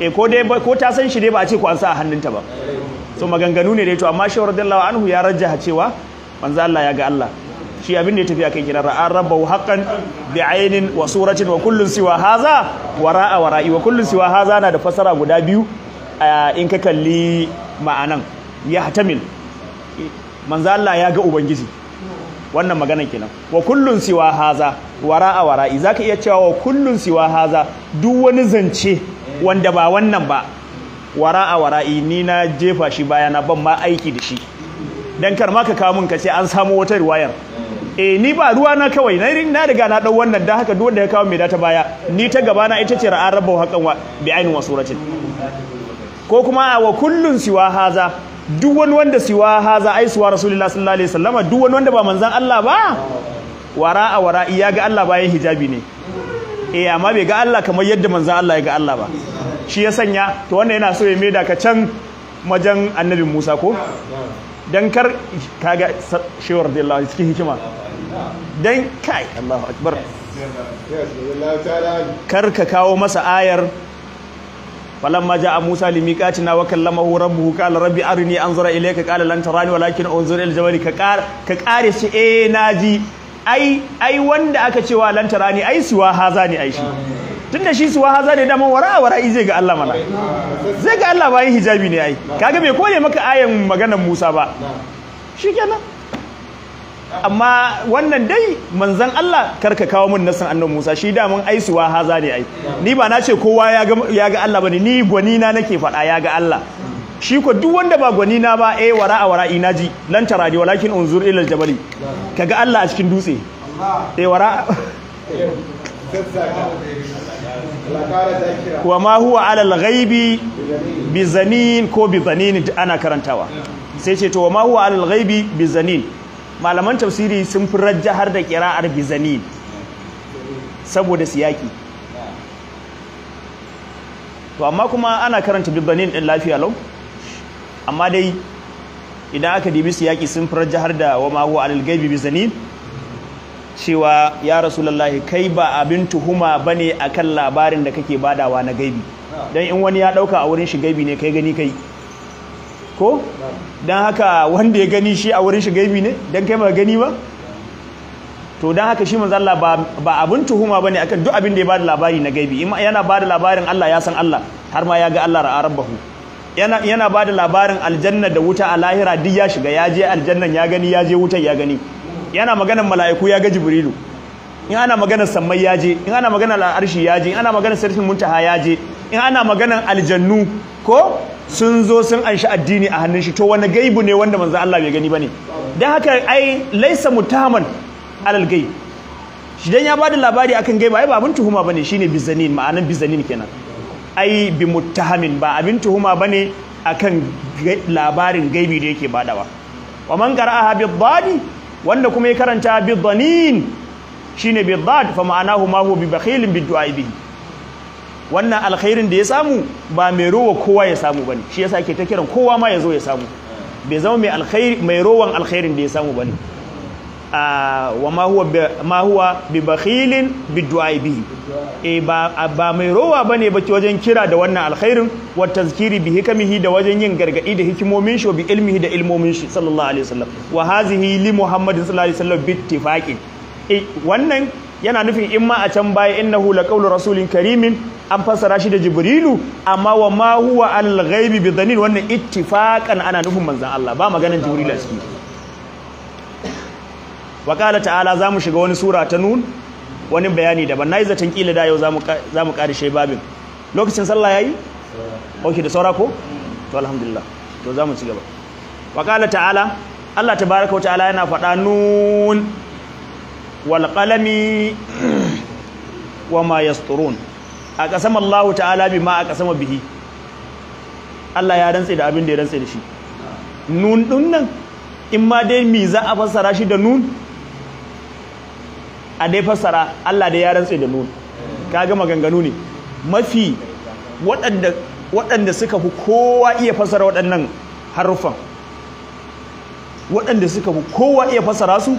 A: eh ko dai ko ta san shi dai ba a ce ku an sa a hannunta ba so maganganu ne dai to amma shi radiyallahu anhu ya rajjaha cewa manzo Allah ya ga Allah shi abin da ya tafi akai kira ra'a rabbahu haqqan bi ainin wa suratin wa kullun siwa haza wara'a wara'i wa kullun siwa haza na da fasara guda biyu in ka kalli ma'anan ya hatamil manzo Allah ya ga ubangiji wannan maganan kenan wa kullun siwa haza wara'a wara'i zaka iya cewa wa kullun siwa haza duk wani zance wanda ba wannan ba wara'a wara'i ni na jefa shi bayana ban ma aiki da shi dan kar ma ka kawo mun kace an samu wata riwayar eh ni ba ruwa na kawai na na riga na dau wannan dan haka duk wanda ya kawo mai data baya ni ta gaba na ita ce ra'an rabbahu haqqan wa bi ainin wa suratin ko kuma wa kullun siwa haza duk wani wanda siwa haza ai suwa rasulullah sallallahu alaihi wasallama duk wani wanda ba manzan Allah ba Wara a wara ya ga Allah bayan hijabi ne eh amma bai ga Allah kamar yadda manzan Allah ya ga Allah ba shi ya sanya to wannan yana so ya maida ka can majan annabin Musa ko dan kar shewar da Allah cikin hikima kai akbar kar ka kawo masa ayar فلما جاء موسى لميقاتنا وكلمه ربه قال ربي ارني انظر اليك قال لن تراني ولكن انظر الى الجبل كقار كقار شي اي ناجي اي cewa lan tarani ai suwa ha zani tun da shi su wahaza ne daman wara wara zai ga Allah mana zai ga Allah bayan hijabi ne ai kaga bai kone maka ayan maganar Musa ba shi kenan amma wannan dai manzan Allah karka kawo min nasan annan Musa shi da mun su wahaza ne ai ni ba na ce kowa ya ga Allah bane ni gwanina nake faɗa ya ga Allah shi ko duk wanda ba gwani na ba eh wara ina ji lan taradi walakin unzur ila jabali kaga Allah a cikin dutse eh wara. wa ma huwa al ghaibi bi zanin ko bi zanin ana karantawa sai ce to wa ma huwa al ghaibi bi zanin malaman tafsiri sun fi rajjahar da kira'ar bi zanin saboda siyaki to amma kuma ana karanta bi zanin din lafiya lau amma dai idan aka dibi siyaki sun fi rajjahar da wa ma huwa al ghaibi bi zanin cewa ya lallahi kai ba abin tuhuma bane akan labarin da kake badawa na gaibi dan in wani ya dauka a wurin shi gaibi ne kai gani kai ko dan haka wanda ya gani shi a wurin shi gaibi ne dan kai ba gani ba to dan haka shi manzo Allah ba abin tuhuma bane akan duk abin da ya bada labari na gaibi yana bada labarin Allah ya san Allah har ma ya ga Allah ra'a rabbahu yana bada labarin aljanna da wuta a lahira duk ya shiga ya je aljannan ya gani ya je wutar ya gani yana maganar mala'iku ya ga jibrilu in ana maganar sammai ya je in ana maganar al'arshi ya je in ana maganar sarfin muntaha ya je in ana maganar aljannu ko sun zo sun anshi addini a hannun shi to wani gaibu ne wanda manzo Allah bai gani bane dan haka ai laisa mutaman alal gaib shi dan ya bada labari akan gaiba ai ba abin tuhuma bane shine bizanin ma'anan bizanin kenan ai bi mutahamin ba abin tuhuma bane akan labarin gaibi da yake badawa wa man qara'aha bi wanda kuma ya karanta bi dhanin shine bi dhad fa ma'anahu ma huwa bi bakhilin bi du'ai wannan alkhairin da ya samu ba mai rowa kowa ya samu ba ne shi yasa ke ta kiran kowa ma ya zo ya samu bai zama mai rowan alkhairin da ya samu bane wa ma huwa bi bakhilin bi du'ai e ba ba mai rowa bane ba wajen kira da wannan alkhairin wa tazkiri bi hikamihi da wajen yin gargadi da hikimomin shi bi ilmihi da ilmomin shi sallallahu alaihi wasallam wa hazihi li muhammadin sallallahu alaihi wasallam bi e wannan yana nufin in ma a can baya innahu laqawlu rasulin karimin an fassara shi da jibrilu amma wa ma huwa al-ghaibi bi dhanin wannan ittifaqan ana nufin manzon Allah ba maganar jibrilu a cikin waƙala ta'ala za mu shiga wani sura ta nun wani bayani daban na yi zaton kila da yau za mu shai babin lokacin sallah ya yi? ok da saura ko? to alhamdulillah to za mu ci gaba wa ta'ala allah ta baraka wa ta'ala yana faɗa nun walƙalami wa ma yasturun a ƙasam allahu ta'ala bi ma a ƙasama bihi allah ya rantse da abin da ya rantse da shi nun ɗin nan in ma dai mi za a fassara shi da nun a dai fassara Allah da ya rantse da nun kaga maganganu ne mafi waɗanda waɗanda suka fi kowa iya fassara waɗannan haruffan waɗanda suka fi kowa iya fassara su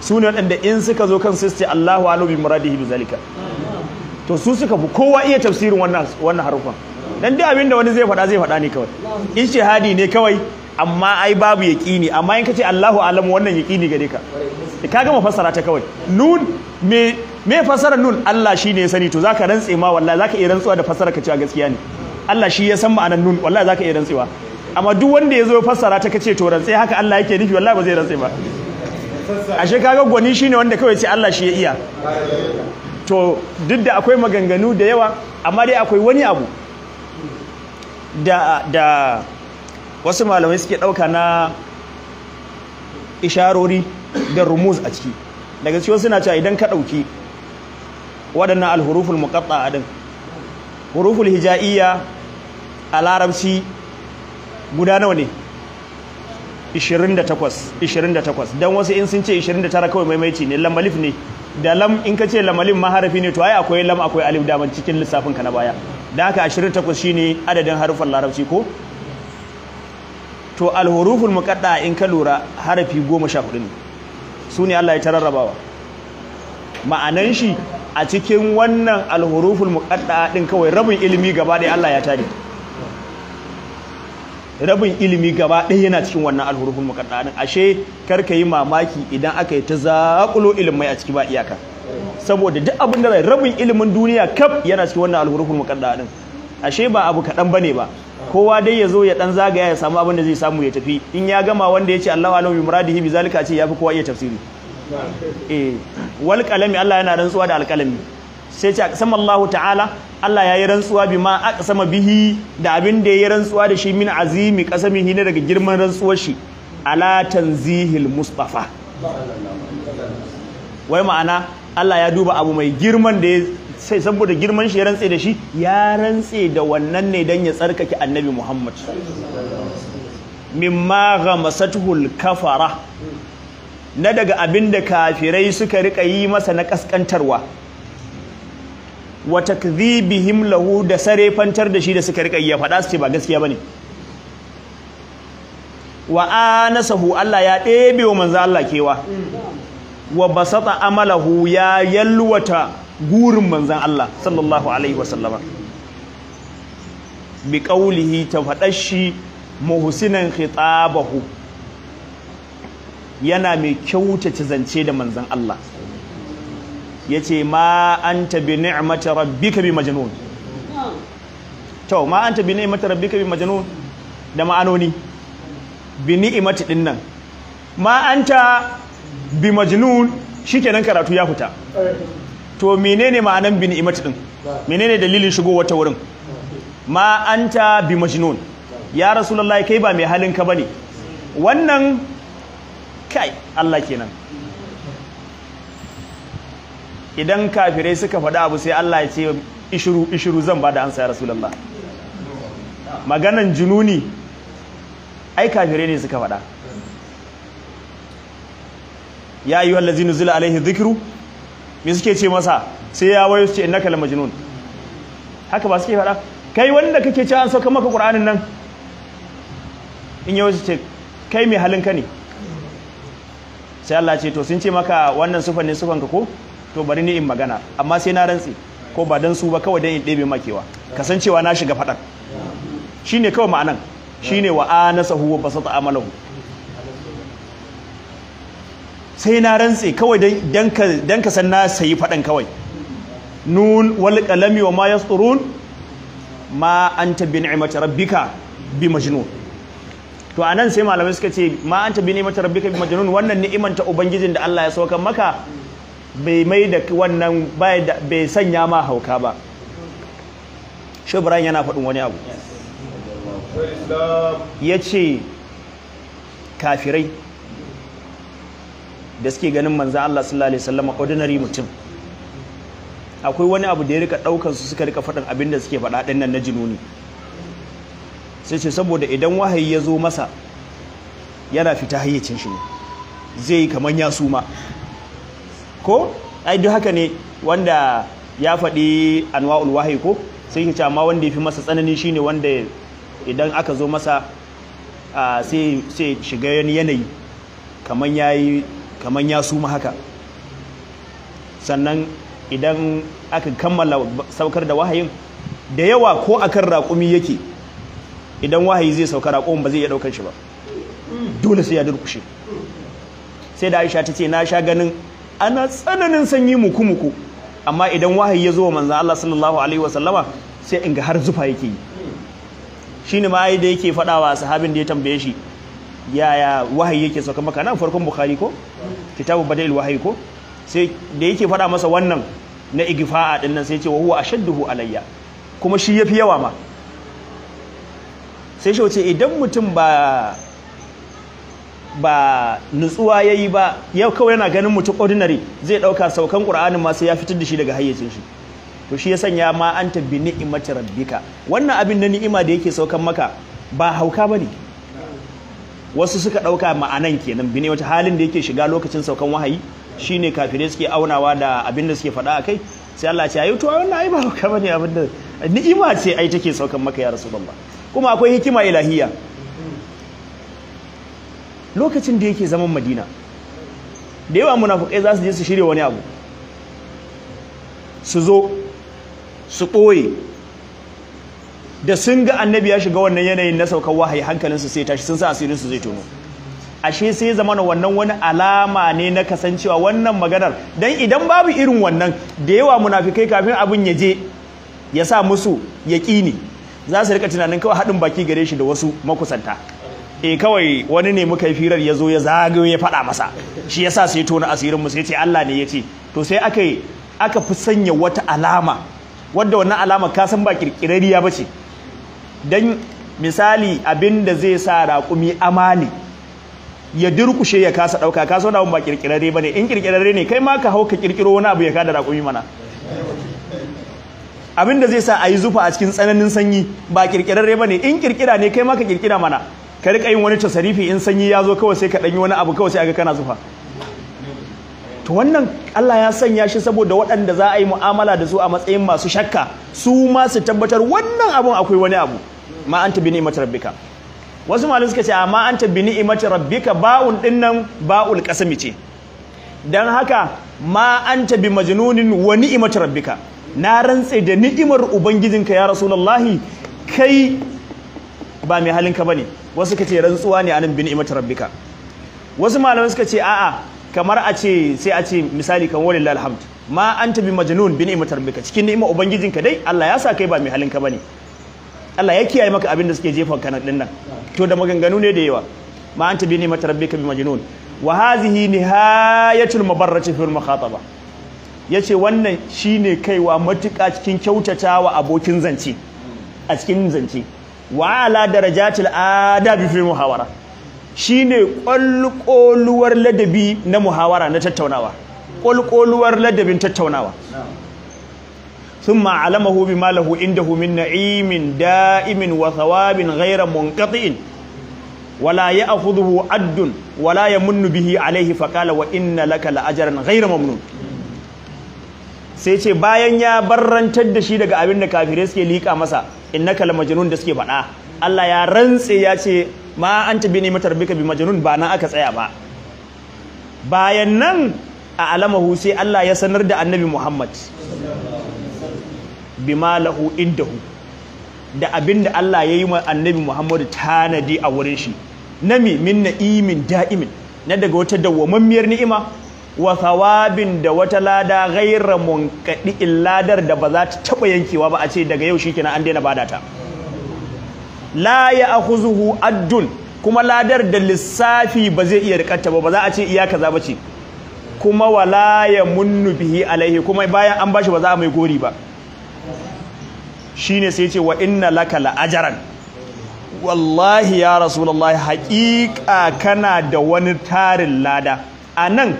A: su ne waɗanda in suka zo kan sisti Allahu alu bi muradihi bi zalika to su suka fi kowa iya tafsirin wannan wannan haruffan dan duk abin da wani zai faɗa zai faɗa ne kawai shahadi ne kawai amma ai babu yaqini amma in kace Allahu alam wannan yaqini gare ka Eh, ka gama fasara ta kawai nun me me nun Allah shine ya sani to zaka rantse ma wallahi zaka iya rantsuwa da fassara ka cewa gaskiya ne Allah shi ya san ma'anar nun wallahi zaka iya rantsewa amma duk wanda ya zo fassara ta kace to rantse haka Allah yake nufi wallahi ba zai rantse ba ashe kaga gwani shine wanda kawai ce Allah shi ya iya to duk da akwai maganganu da yawa amma dai akwai wani abu da da wasu malamai suke dauka na isharori da rumuz a ciki daga cikin suna cewa idan ka ɗauki waɗannan alhuruful a din huruful hija'iyya a larabci guda nawa ne 28 28 dan wasu in sun ce 29 kawai maimaici ne lamalif ne da lam in ka ce lamalif maharafi ne to ai akwai lam akwai alif daman cikin lissafin ka na baya da haka 28 shine adadin harufan larabci ko to alhuruful muqatta in ka lura harafi 14 ne su ne Allah ya tararrabawa ma'anan shi a cikin wannan alhuruful muqadda din kawai rabin ilimi gaba ɗaya Allah ya tare rabin ilimi gaba ɗaya yana cikin wannan alhuruful muqadda din ashe karka yi mamaki idan aka yi ta zaƙulo ilimai a ciki ba iyaka saboda duk abin da rabin ilimin duniya kaf yana cikin wannan alhuruful muqadda din ashe ba abu kaɗan bane ba kowa dai ya zo ya dan zagaya ya samu abin da zai samu ya tafi in ya gama wanda ya ce Allahu alamu bi muradihi bi zalika ce yafi kowa iya tafsiri eh wal qalami Allah yana rantsuwa da alqalami sai ce aqsama Allahu ta'ala Allah yayi rantsuwa bi ma aqsama bihi da abin da yayi rantsuwa da shi min azimi qasami hina daga girman rantsuwar shi ala tanzihil mustafa wai ma'ana Allah ya duba abu mai girman da ya sai saboda girman shi ya rantse da shi ya rantse da wannan ne don ya tsarkake annabi Muhammad mimma masatuhul kafara na daga abin da kafirai suka rika yi masa na kaskantarwa wa takdhibihim lahu da sarefantar da shi da suka rika yi ya faɗa su ce ba gaskiya bane wa anasahu Allah ya ɗebe wa manzo Allah kewa wa basata amalahu ya yalwata gurin manzan Allah sallallahu alaihi wasallama bi ƙaulihi ta faɗa shi muhsinan khitabahu yana mai kyautata zance da manzan Allah ya ce ma anta bi ni'mati rabbika bi majnun to ma anta bi ni'mati rabbika bi majnun da ma'anoni bi ni'mati din nan ma anta bi majnun shikenan karatu ya fita to menene ma'anan bin ni'imati din menene dalilin shigo wata wurin ma anta bi majnun ya rasulullahi kai ba mai halin ka bane wannan kai Allah kenan idan kafirai suka faɗa abu sai Allah ya ce ishiru ishiru zan bada ansa ya rasulullah maganan jununi ai kafirai ne suka faɗa ya ayyuhal zila alaihi dhikru me suke ce masa sai ya wayo ce innaka la majnun haka ba suke fada kai wanda kake ce an sauka maka qur'anin nan in yawo ce kai mai halin ka ne sai Allah ce to sun ce maka wannan sufan ne sufan ka ko to bari ni in magana amma sai na rantsi ko ba dan su ba kawai dan in debe makewa kasancewa na shiga faɗar shine kawai ma'anan shine wa anasahu wa basata amalahu sai na rantse kawai dan ka san na sayi faɗan kawai nun wal qalami wa ma yasturun ma anta bi ni'mati rabbika bi majnun to anan sai malamai suka ce ma anta bi ni'mati rabbika bi majnun wannan ni'iman ta ubangijin da Allah ya sauka maka bai mai da wannan bai sanya ma hauka ba shi yana faɗin wani abu Yace kafirai da suke ganin manzan Allah sallallahu alaihi wasallam ordinary mutum akwai wani abu da ya rika daukan su suka rika faɗin abin da suke faɗa ɗin nan na jinuni sai ce saboda idan wahayi ya zo masa yana fita hayyacin shi ne zai yi kamar ya suma ko ai duk haka ne wanda ya faɗi anwa'ul wahayi ko sai ke amma wanda ya fi masa tsanani shine wanda idan aka zo masa sai shiga yanayi kamar ya yi kamar ya suma haka sannan idan aka kammala saukar da wahayin da yawa ko akan raƙumi yake idan wahayi zai sauka raƙumin ba zai iya ɗaukar shi ba dole sai ya durkushe sai da aisha ta ce na sha ganin ana tsananin sanyi muku muku amma idan wahayi ya zo wa manzan Allah sallallahu alaihi wasallama sai in ga har zufa yake yi shi ma ai da yake faɗawa sahabin da ya tambaye shi yaya wahayi yake sauka maka nan farkon bukhari ko kitabu bada'il wahayi ko sai da yake faɗa masa wannan na igfa'a din nan sai ce wa huwa ashadduhu alayya kuma shi yafi yawa ma sai shi wace idan mutum ba ba nutsuwa yayi ba yau kawai yana ganin mutum ordinary zai dauka saukan qur'anin ma sai ya fitar da shi daga hayyacin shi to shi ya sanya ma anta bi ni'imati rabbika wannan abin da ni'ima da yake saukan maka ba hauka bane wasu suka ɗauka ma'anan kenan bine wata halin da yake shiga lokacin saukan wahayi shine kafirai suke aunawa da abin da suke faɗa a kai sai Allah ce ayi to wannan ai ba hauka bane abin da ni'ima ce ai take saukan maka ya rasulullah kuma akwai hikima ilahiya lokacin da yake zaman madina da yawa munafukai za su je su shirya wani abu su zo su ɓoye da sun ga annabi ya shiga wannan yanayin na saukar wahayi hankalinsu sai tashi sun sa asirin su zai tono ashe sai zama zamana wannan wani alama ne na kasancewa wannan maganar dan idan babu irin wannan da yawa munafikai kafin abin ya je ya sa musu yaƙini za su rika tunanin kawai haɗin baki gare shi da wasu makusanta e kawai wani ne muka yi firar ya zo ya zagayo ya faɗa masa shi yasa sai tona asirin mu sai ce Allah ne ya ce to sai aka fi sanya wata alama wadda wannan alama ka san ba kirkirariya ba ce don misali abin da zai sa raƙumi amali ya durkushe ya kasa ɗauka ka sauna ba kirkirarre ba ne in kirkirarre ne kai ma ka hau ka kirkiro wani abu ya kada raƙumi mana abin da zai sa a yi zufa a cikin tsananin sanyi ba kirkirarre ba ne in kirkira ne kai ma ka kirkira mana ka riƙa yin wani tasarifi in sanyi ya zo kawai sai ka ɗanyi wani abu kawai sai aka kana zufa to wannan Allah ya sanya shi saboda waɗanda za a yi mu'amala da su a matsayin masu shakka su ma su tabbatar wannan abun akwai wani abu ma anta bi ni'mati rabbika wasu malamai suka ce amma anta bi ni'mati rabbika ba'un dinnan nan ba'ul qasami ce dan haka ma anta bi majnunin wa ni'mati rabbika na rantse da ni'imar ubangijinka ya rasulullahi kai ba mai halinka bane wasu kace rantsuwa ne anan bi ni'mati rabbika wasu malamai suka ce a'a kamar a ce sai a ce misali kan walillahi alhamd ma anta bi majnun bi ni'matar bika cikin ni'ima ubangijinka dai Allah ya sa kai ba mai halinka bane Allah ya kiyaye maka abin da suke jefa kanan din nan to da maganganu ne da yawa ma anta bi ni rabbika bi majnun wa hadhihi nihayatul mubarrati fil mukhataba yace wannan shine kaiwa matuƙa cikin kyautatawa abokin zance a cikin zance wa ala darajatil adabi fil muhawara shine kwalkoluwar ladabi na muhawara na tattaunawa kwalkoluwar ladabin tattaunawa alama alamahu malahu lahu indahu min na'imin da'imin wa thawabin ghayra munqati'in wala ya'khudhuhu addun wala munnu bihi alayhi fakala wa inna laka la'ajran ghayra mamnun sai ce bayan ya barrantar da shi daga abin da kafirai suke liƙa masa kala majanun da suke faɗa Allah ya rantse ya ce ma anta bi nimatar bika bi majnun ba na aka tsaya ba bayan nan a alamahu sai Allah ya sanar da annabi Muhammad bima lahu indahu da abin da Allah ya yi wa annabi Muhammadu tanadi a wurin shi na mi min na'imin da'imin na daga wata dawwammamiyar ni'ima wa thawabin da wata lada ghayra munqadi ladar da ba za ta taba yankewa ba a ce daga yau shikenan an daina bada ta la ya'khuzuhu addun kuma ladar da lissafi ba zai iya rikarta ba ba za a ce iya kaza ce. kuma wala munnu bihi alaihi kuma bayan an bashi ba za a mai gori ba shine sai ce wa inna laka la'ajaran wallahi ya rasulullahi haƙiƙa kana da wani tarin lada A nan,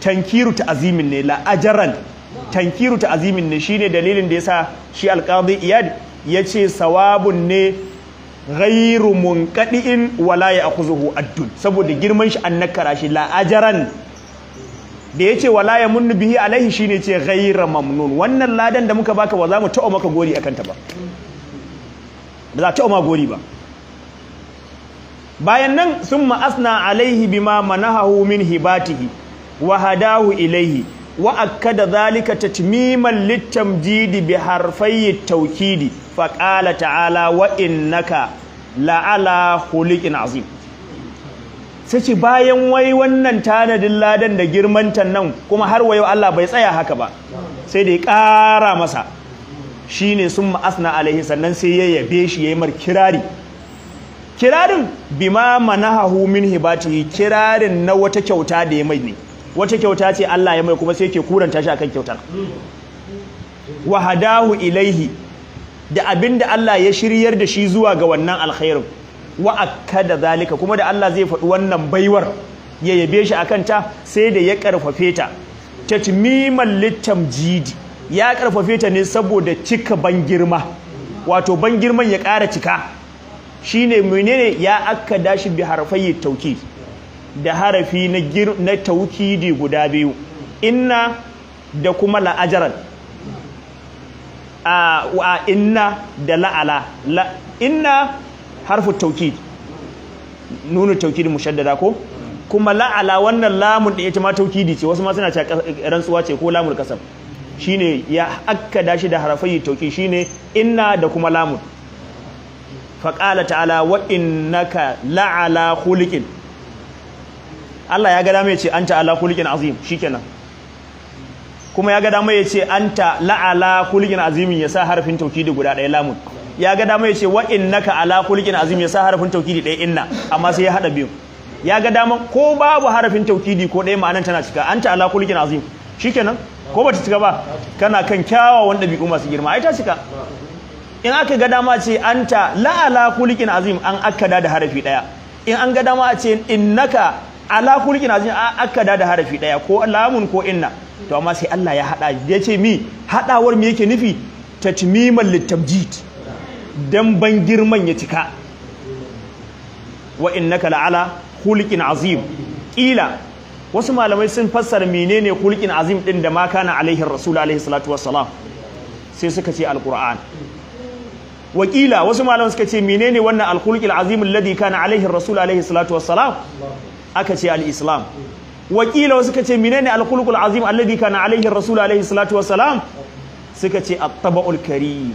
A: tankiru azimin ne la'ajaran tankiru ta azimin ne shine dalilin da ya sa shi alqadi iyad ya ce sawabun ne ghairu munqadi'in wala ya'khuzuhu addun saboda girman shi an nakara shi la'ajaran da yace wala yamunnu bihi alaihi shine ce ghayra mamnun wannan ladan da muka baka ba za mu ta'o maka gori akan ta ba ba za ta'o ma gori ba bayan nan summa asna alaihi bima manahahu min hibatihi wa hadahu ilaihi wa akkada zalika tatmiman litamjidi bi harfai tawkidi fa qala ta'ala wa innaka la'ala khuliqin azim sai ce bayan wai wannan tanadin ladan da girmantan nan kuma har wayo Allah bai tsaya haka ba sai da ya ƙara masa Shi ne sun ma'asna alaihi sannan sai ya yabe shi ya yi mar kirari kirarin Bimama manahahu min hibatihi kirarin na wata kyauta da ya mai ne wata kyauta ce Allah ya mai kuma sai yake kuranta shi akan kyautar wahadahu ilaihi da abinda Allah ya shiryar da shi zuwa ga wannan alkhairin wa zalika kuma da Allah zai faɗi wannan baiwar ya yabe shi akan ta sai da ya ƙarfafe ta tatmiman litamjidi ya ƙarfafe ta ne saboda cika ban girma wato ban girman ya ƙara cika shine menene ya akkada shi bi harfai tauki da harafi na na taukidi guda biyu inna da kuma la'ajaran a inna da la'ala inna harfu taukid nunu taukid mushaddada ko kuma la'ala wannan lamun da ita ma taukidi ce wasu ma suna rantsuwa ce ko lamul kasab shine ya akkada shi da harafai tauki shine inna da kuma lamun faƙala ta'ala wa innaka la'ala khuliqin Allah ya ga mai ce anta ala khuliqin azim shikenan kuma ya ga dama ce anta la'ala khuliqin azimin yasa harfin tauki da guda ɗaya lamun ya ga dama ya ce wa innaka ala khulqin azim ya sa harafin tawkidi ɗaya inna amma sai ya hada biyu ya ga dama ko babu harafin tawkidi ko ɗaya ma'anan tana cika anta ala khulqin azim shikenan ko bata cika ba kana kan kyawawan ɗabi'u masu girma ai ta cika in aka ga dama ce anta la ala khulqin azim an akkada da harafi ɗaya in an ga dama ce innaka ala khulqin azim an akkada da harafi ɗaya ko lamun ko inna to amma sai Allah ya hada ya ce mi hadawar me yake nufi tatmimal litamjid dan ban girman ya cika wa innaka la'ala khuliqin azim ƙila wasu malamai sun fassara menene hulkin azim din da ma kana alaihi rasul alaihi salatu wassalam sai suka ce alquran wakila wasu malamai suka ce menene wannan alhulqil azim alladhi kana alaihi rasul alaihi salatu wassalam aka ce alislam wakila wasu suka ce menene alhulqul azim alladhi kana alaihi rasul alaihi salatu wassalam suka ce at-tabaul karim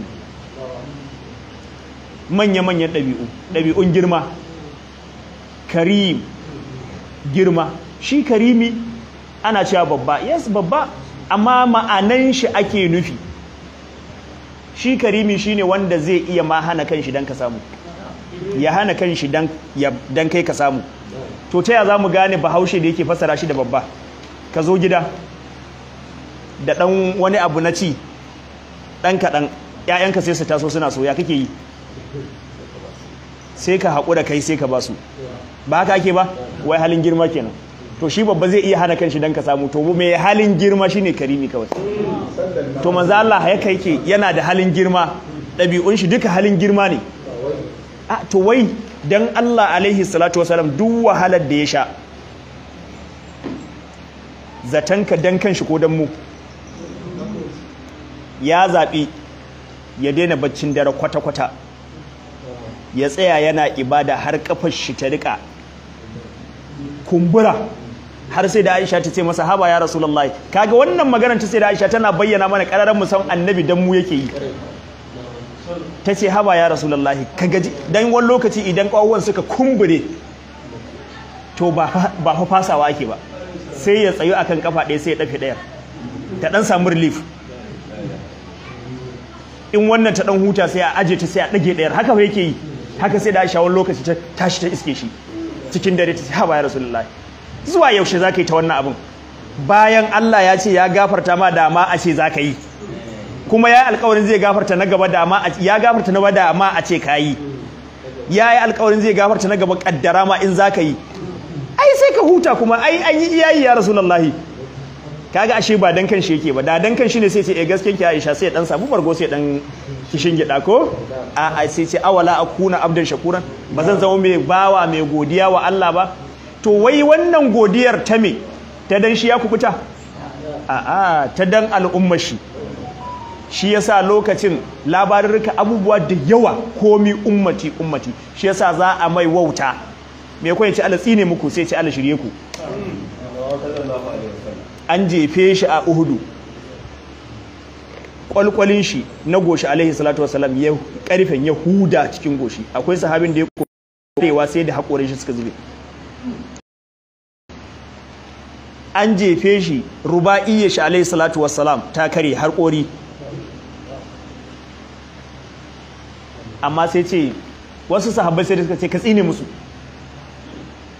A: manya-manyan ɗabi'u ɗabi'un girma karim girma shi karimi ana cewa babba yes babba amma ma'anan shi ake nufi shi karimi ne wanda zai iya ma hana kanshi dan ka samu ya hana kanshi dan don kai ka samu to ta ya za mu gane bahaushe da yake fasara shi da babba ka zo gida da dan wani abu na ci dan kaɗan 'ya'yanka sai su taso suna so ya kake yi sai ka haƙura kai sai ka ba su ba ka ake ba wai halin girma kenan to shi babba zai iya hana kanshi dan ka samu to mai halin girma shine karimi kawai to manzo Allah ya kai ke yana da halin girma ɗabi'un shi duka halin girma ne a to wai dan Allah alaihi salatu wasalam duk wahalar da ya sha ka dan kanshi ko dan mu ya zaɓi ya daina baccin dare kwata-kwata ya tsaya yana ibada har kafar shi ta rika kumbura har sai da Aisha ta ce masa haba ya Rasulullah kaga wannan maganar ta sai da Aisha tana bayyana mana kararan mu san annabi dan mu yake yi ta ce haba ya Rasulullah ka gaji dan wani lokaci idan kwawon suka kumbure to ba fa fasawa ake ba sai ya tsayu akan kafa ɗaya sai ya dafe ɗaya. ta dan samu relief in wannan ta dan huta sai a aje ta sai a dage ɗayar haka fa yake yi haka sai da aisha lokaci ta tashi ta iske shi cikin dare ta ha ya rasulullahi zuwa yaushe za ka yi ta wannan abin bayan Allah ya ce ya gafarta ma dama a ce za ka yi kuma ya alkawarin zai gafarta na gaba dama ya gafarta na dama a ce ka yi ya yi alkawarin zai gafarta na gaba kaddara ma in za ka yi ai sai ka huta kuma ai an yi iyayi ya rasulullahi kaga ashe ba dan kan shi yake ba da dan kan shi ne sai ce eh gaskiyar ki Aisha sai dan samu bargo sai dan kishin gida ko a a sai ce awala akuna abdan shakuran ba zan zama mai bawa mai godiya wa Allah ba to wai wannan godiyar ta me ta dan shi ya kukuta a a ta dan al'ummar shi shi yasa lokacin labarurruka abubuwa da yawa komi ummati ummati shi yasa za a mai wauta me ko ta ala Allah tsine muku sai ce ala Allah shirye ku an jefe shi a uhudu kwalkwalin shi na goshi alaihi salatu wasalam ya karfen ya huda cikin goshi akwai sahabin da ya kowarewa sai da haƙorin shi suka zube an jefe shi ruba'iyya shi alaihi salatu wasalam ta kare har ƙori amma sai ce wasu sahabbai sai da suka ce ka tsine musu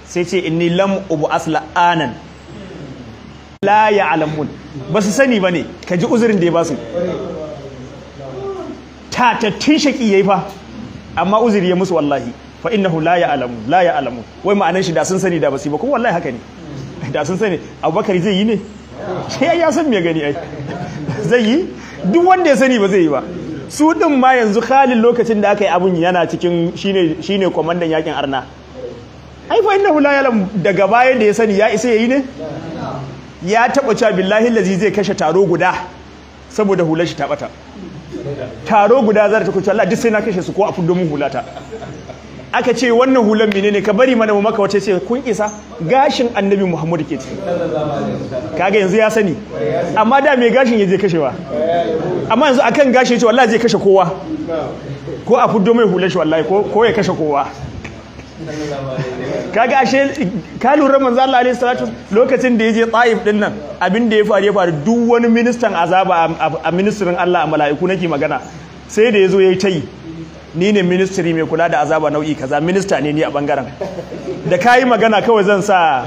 A: sai ce inni lam ubu asla anan la ya alamun ba su sani ba ne ka ji uzurin da ya ba su tatattun shaƙi ya yi fa amma uzuri ya musu wallahi fa innahu la ya alamun la ya alamun wai ma'anar shi da sun sani da ba su ba kuma wallahi haka ne da sun sani abubakar zai yi ne sai ya san me gani ai zai yi duk wanda ya sani ba zai yi ba su din ma yanzu halin lokacin da aka yi abun yana cikin shine shine kwamandan yakin arna ai fa innahu la ya alamun daga baya da ya sani ya isa ya yi ne ya taɓa cewa billahi lazi zai kashe taro guda saboda hular shi ta taro guda za ta kuce Allah duk sai na kashe su ko a fudomin mun hulata aka ce wannan hulan ne ka bari mana mu maka wace ce kun isa gashin annabi Muhammadu ke ciki kaga yanzu ya sani amma da mai gashin ya je kashewa amma yanzu akan gashin ya ce wallahi zai kashe kowa ko a fudomin mai shi wallahi ko ya kashe kowa kaga ashe ka lura manzo Allah alaihi salatu lokacin da yaje Taif din nan abin da ya faru ya faru duk wani ministan azaba a ministerin Allah a mala'iku nake magana sai da yazo yayi tayi ni ne ministry mai kula da azaba nau'i kaza minista ne ni a bangaren da kayi magana kawai zan sa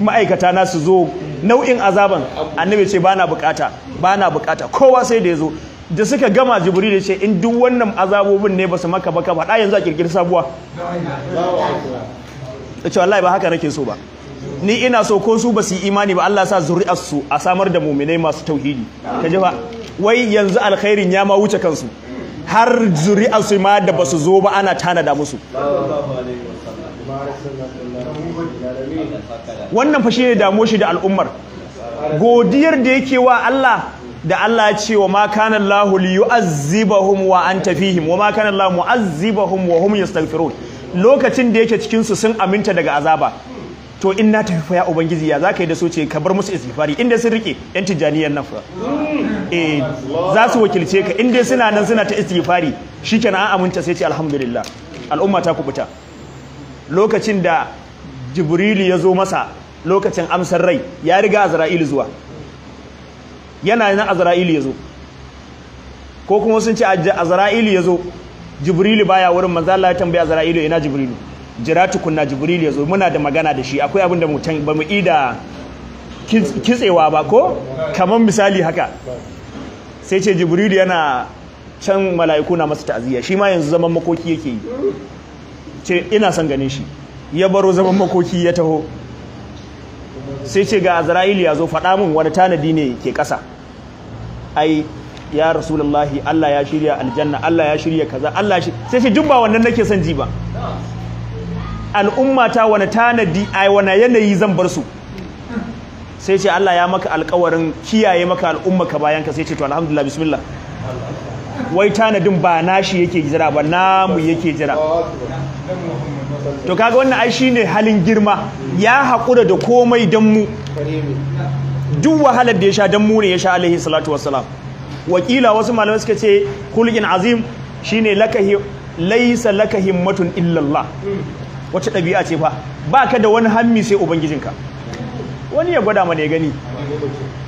A: ma'aikata na su zo nau'in azaban annabi ce bana bukata bana bukata kowa sai da yazo da suka gama jibril ya ce in duk wannan azabobin ne ba su maka baka faɗa yanzu a kirkiri sabuwa da cewa ba haka nake so ba ni ina so ko su ba su yi imani ba Allah sa zuri'ar su a samar da muminai masu tauhidi ka ji ba wai yanzu alkhairin ya ma wuce kansu har zuri'ar su ma da ba su zo ba ana tanada musu wannan fa ne damo shi da al'ummar godiyar da yake wa Allah da Allah ya ce wa ma kana Allah liyu'azzibahum wa anta fihim wa ma kana Allah mu'azzibahum wa hum yastaghfirun lokacin da yake cikin su sun aminta daga azaba to in na tafi ya ubangiji ya zaka yi da su ce ka bar musu istighfari inda sun rike yan tijaniyan nan fa eh za su wakilce ka inda suna nan suna ta istighfari shikenan an aminta sai ce alhamdulillah al'umma ta kubuta lokacin da jibrilu ya zo masa lokacin amsar rai ya riga Azra'il zuwa yana yana azra'il ya zo ko kuma sun ce azra'il ya zo jibrilu baya wurin manzo Allah ya tambaya azra'ilu ina jibrilu jira tukunna jibrilu ya zo muna da magana da shi akwai abin da mu ba mu ida kitsewa ba ko kamar misali haka sai ce jibrilu yana can mala'iku na masa ta'aziyya shi ma yanzu zaman makoki yake yi ce ina son ganin shi ya baro zaman makoki ya taho sai ce ga azra'il ya zo faɗa min wani tanadi ne ke ƙasa ai ya rasulullahi Allah ya shirya aljanna Allah ya shirya kaza Allah shi sai shi duk ba wannan nake son ji ba al'ummata wani tanadi ai wani yanayi zan bar su sai ce Allah ya maka alƙawarin kiyaye maka al'umma ka bayan ka sai ce to alhamdulillah bismillah wai tanadin ba nashi yake jira ba namu yake jira to kaga wannan ai shine halin girma ya hakura da komai dan mu duk wahalar da ya sha dan mu ne ya sha alaihi salatu wassalam wakila wasu malamai suka ce kulkin azim shine lakahi laysa laka himmatun illallah Wace dabi'a ce fa baka da wani hammi sai ubangijinka wani ya gwada mana ya gani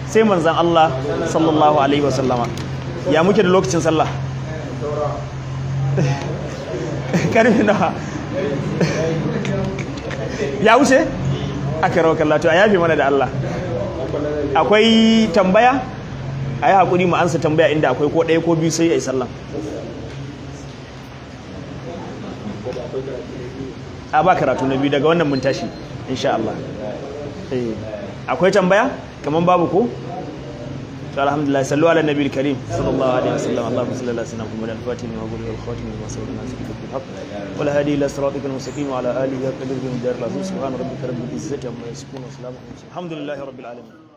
A: sai manzan Allah sallallahu alaihi wasallama ya muke da lokacin sallah karfi na ya wuce aka rawa kallatu a yafe mana da Allah akwai tambaya a yi haƙuri mu ansa tambaya inda akwai ko ɗaya ko biyu sai ya yi sallan a ba karatu na biyu daga wannan mun tashi insha Allah eh, akwai tambaya kamar babu ko to alhamdulillah sallu ala nabiyil karim sallallahu alaihi wasallam allahumma salli ala sayyidina muhammad al-fatih wa qul al khatim lima sabaqna min al haqq wal hadi ila siratikal mustaqim wa ala alihi wa qadrihi min dar al subhan rabbika rabbil izzati amma yasifun wa salamun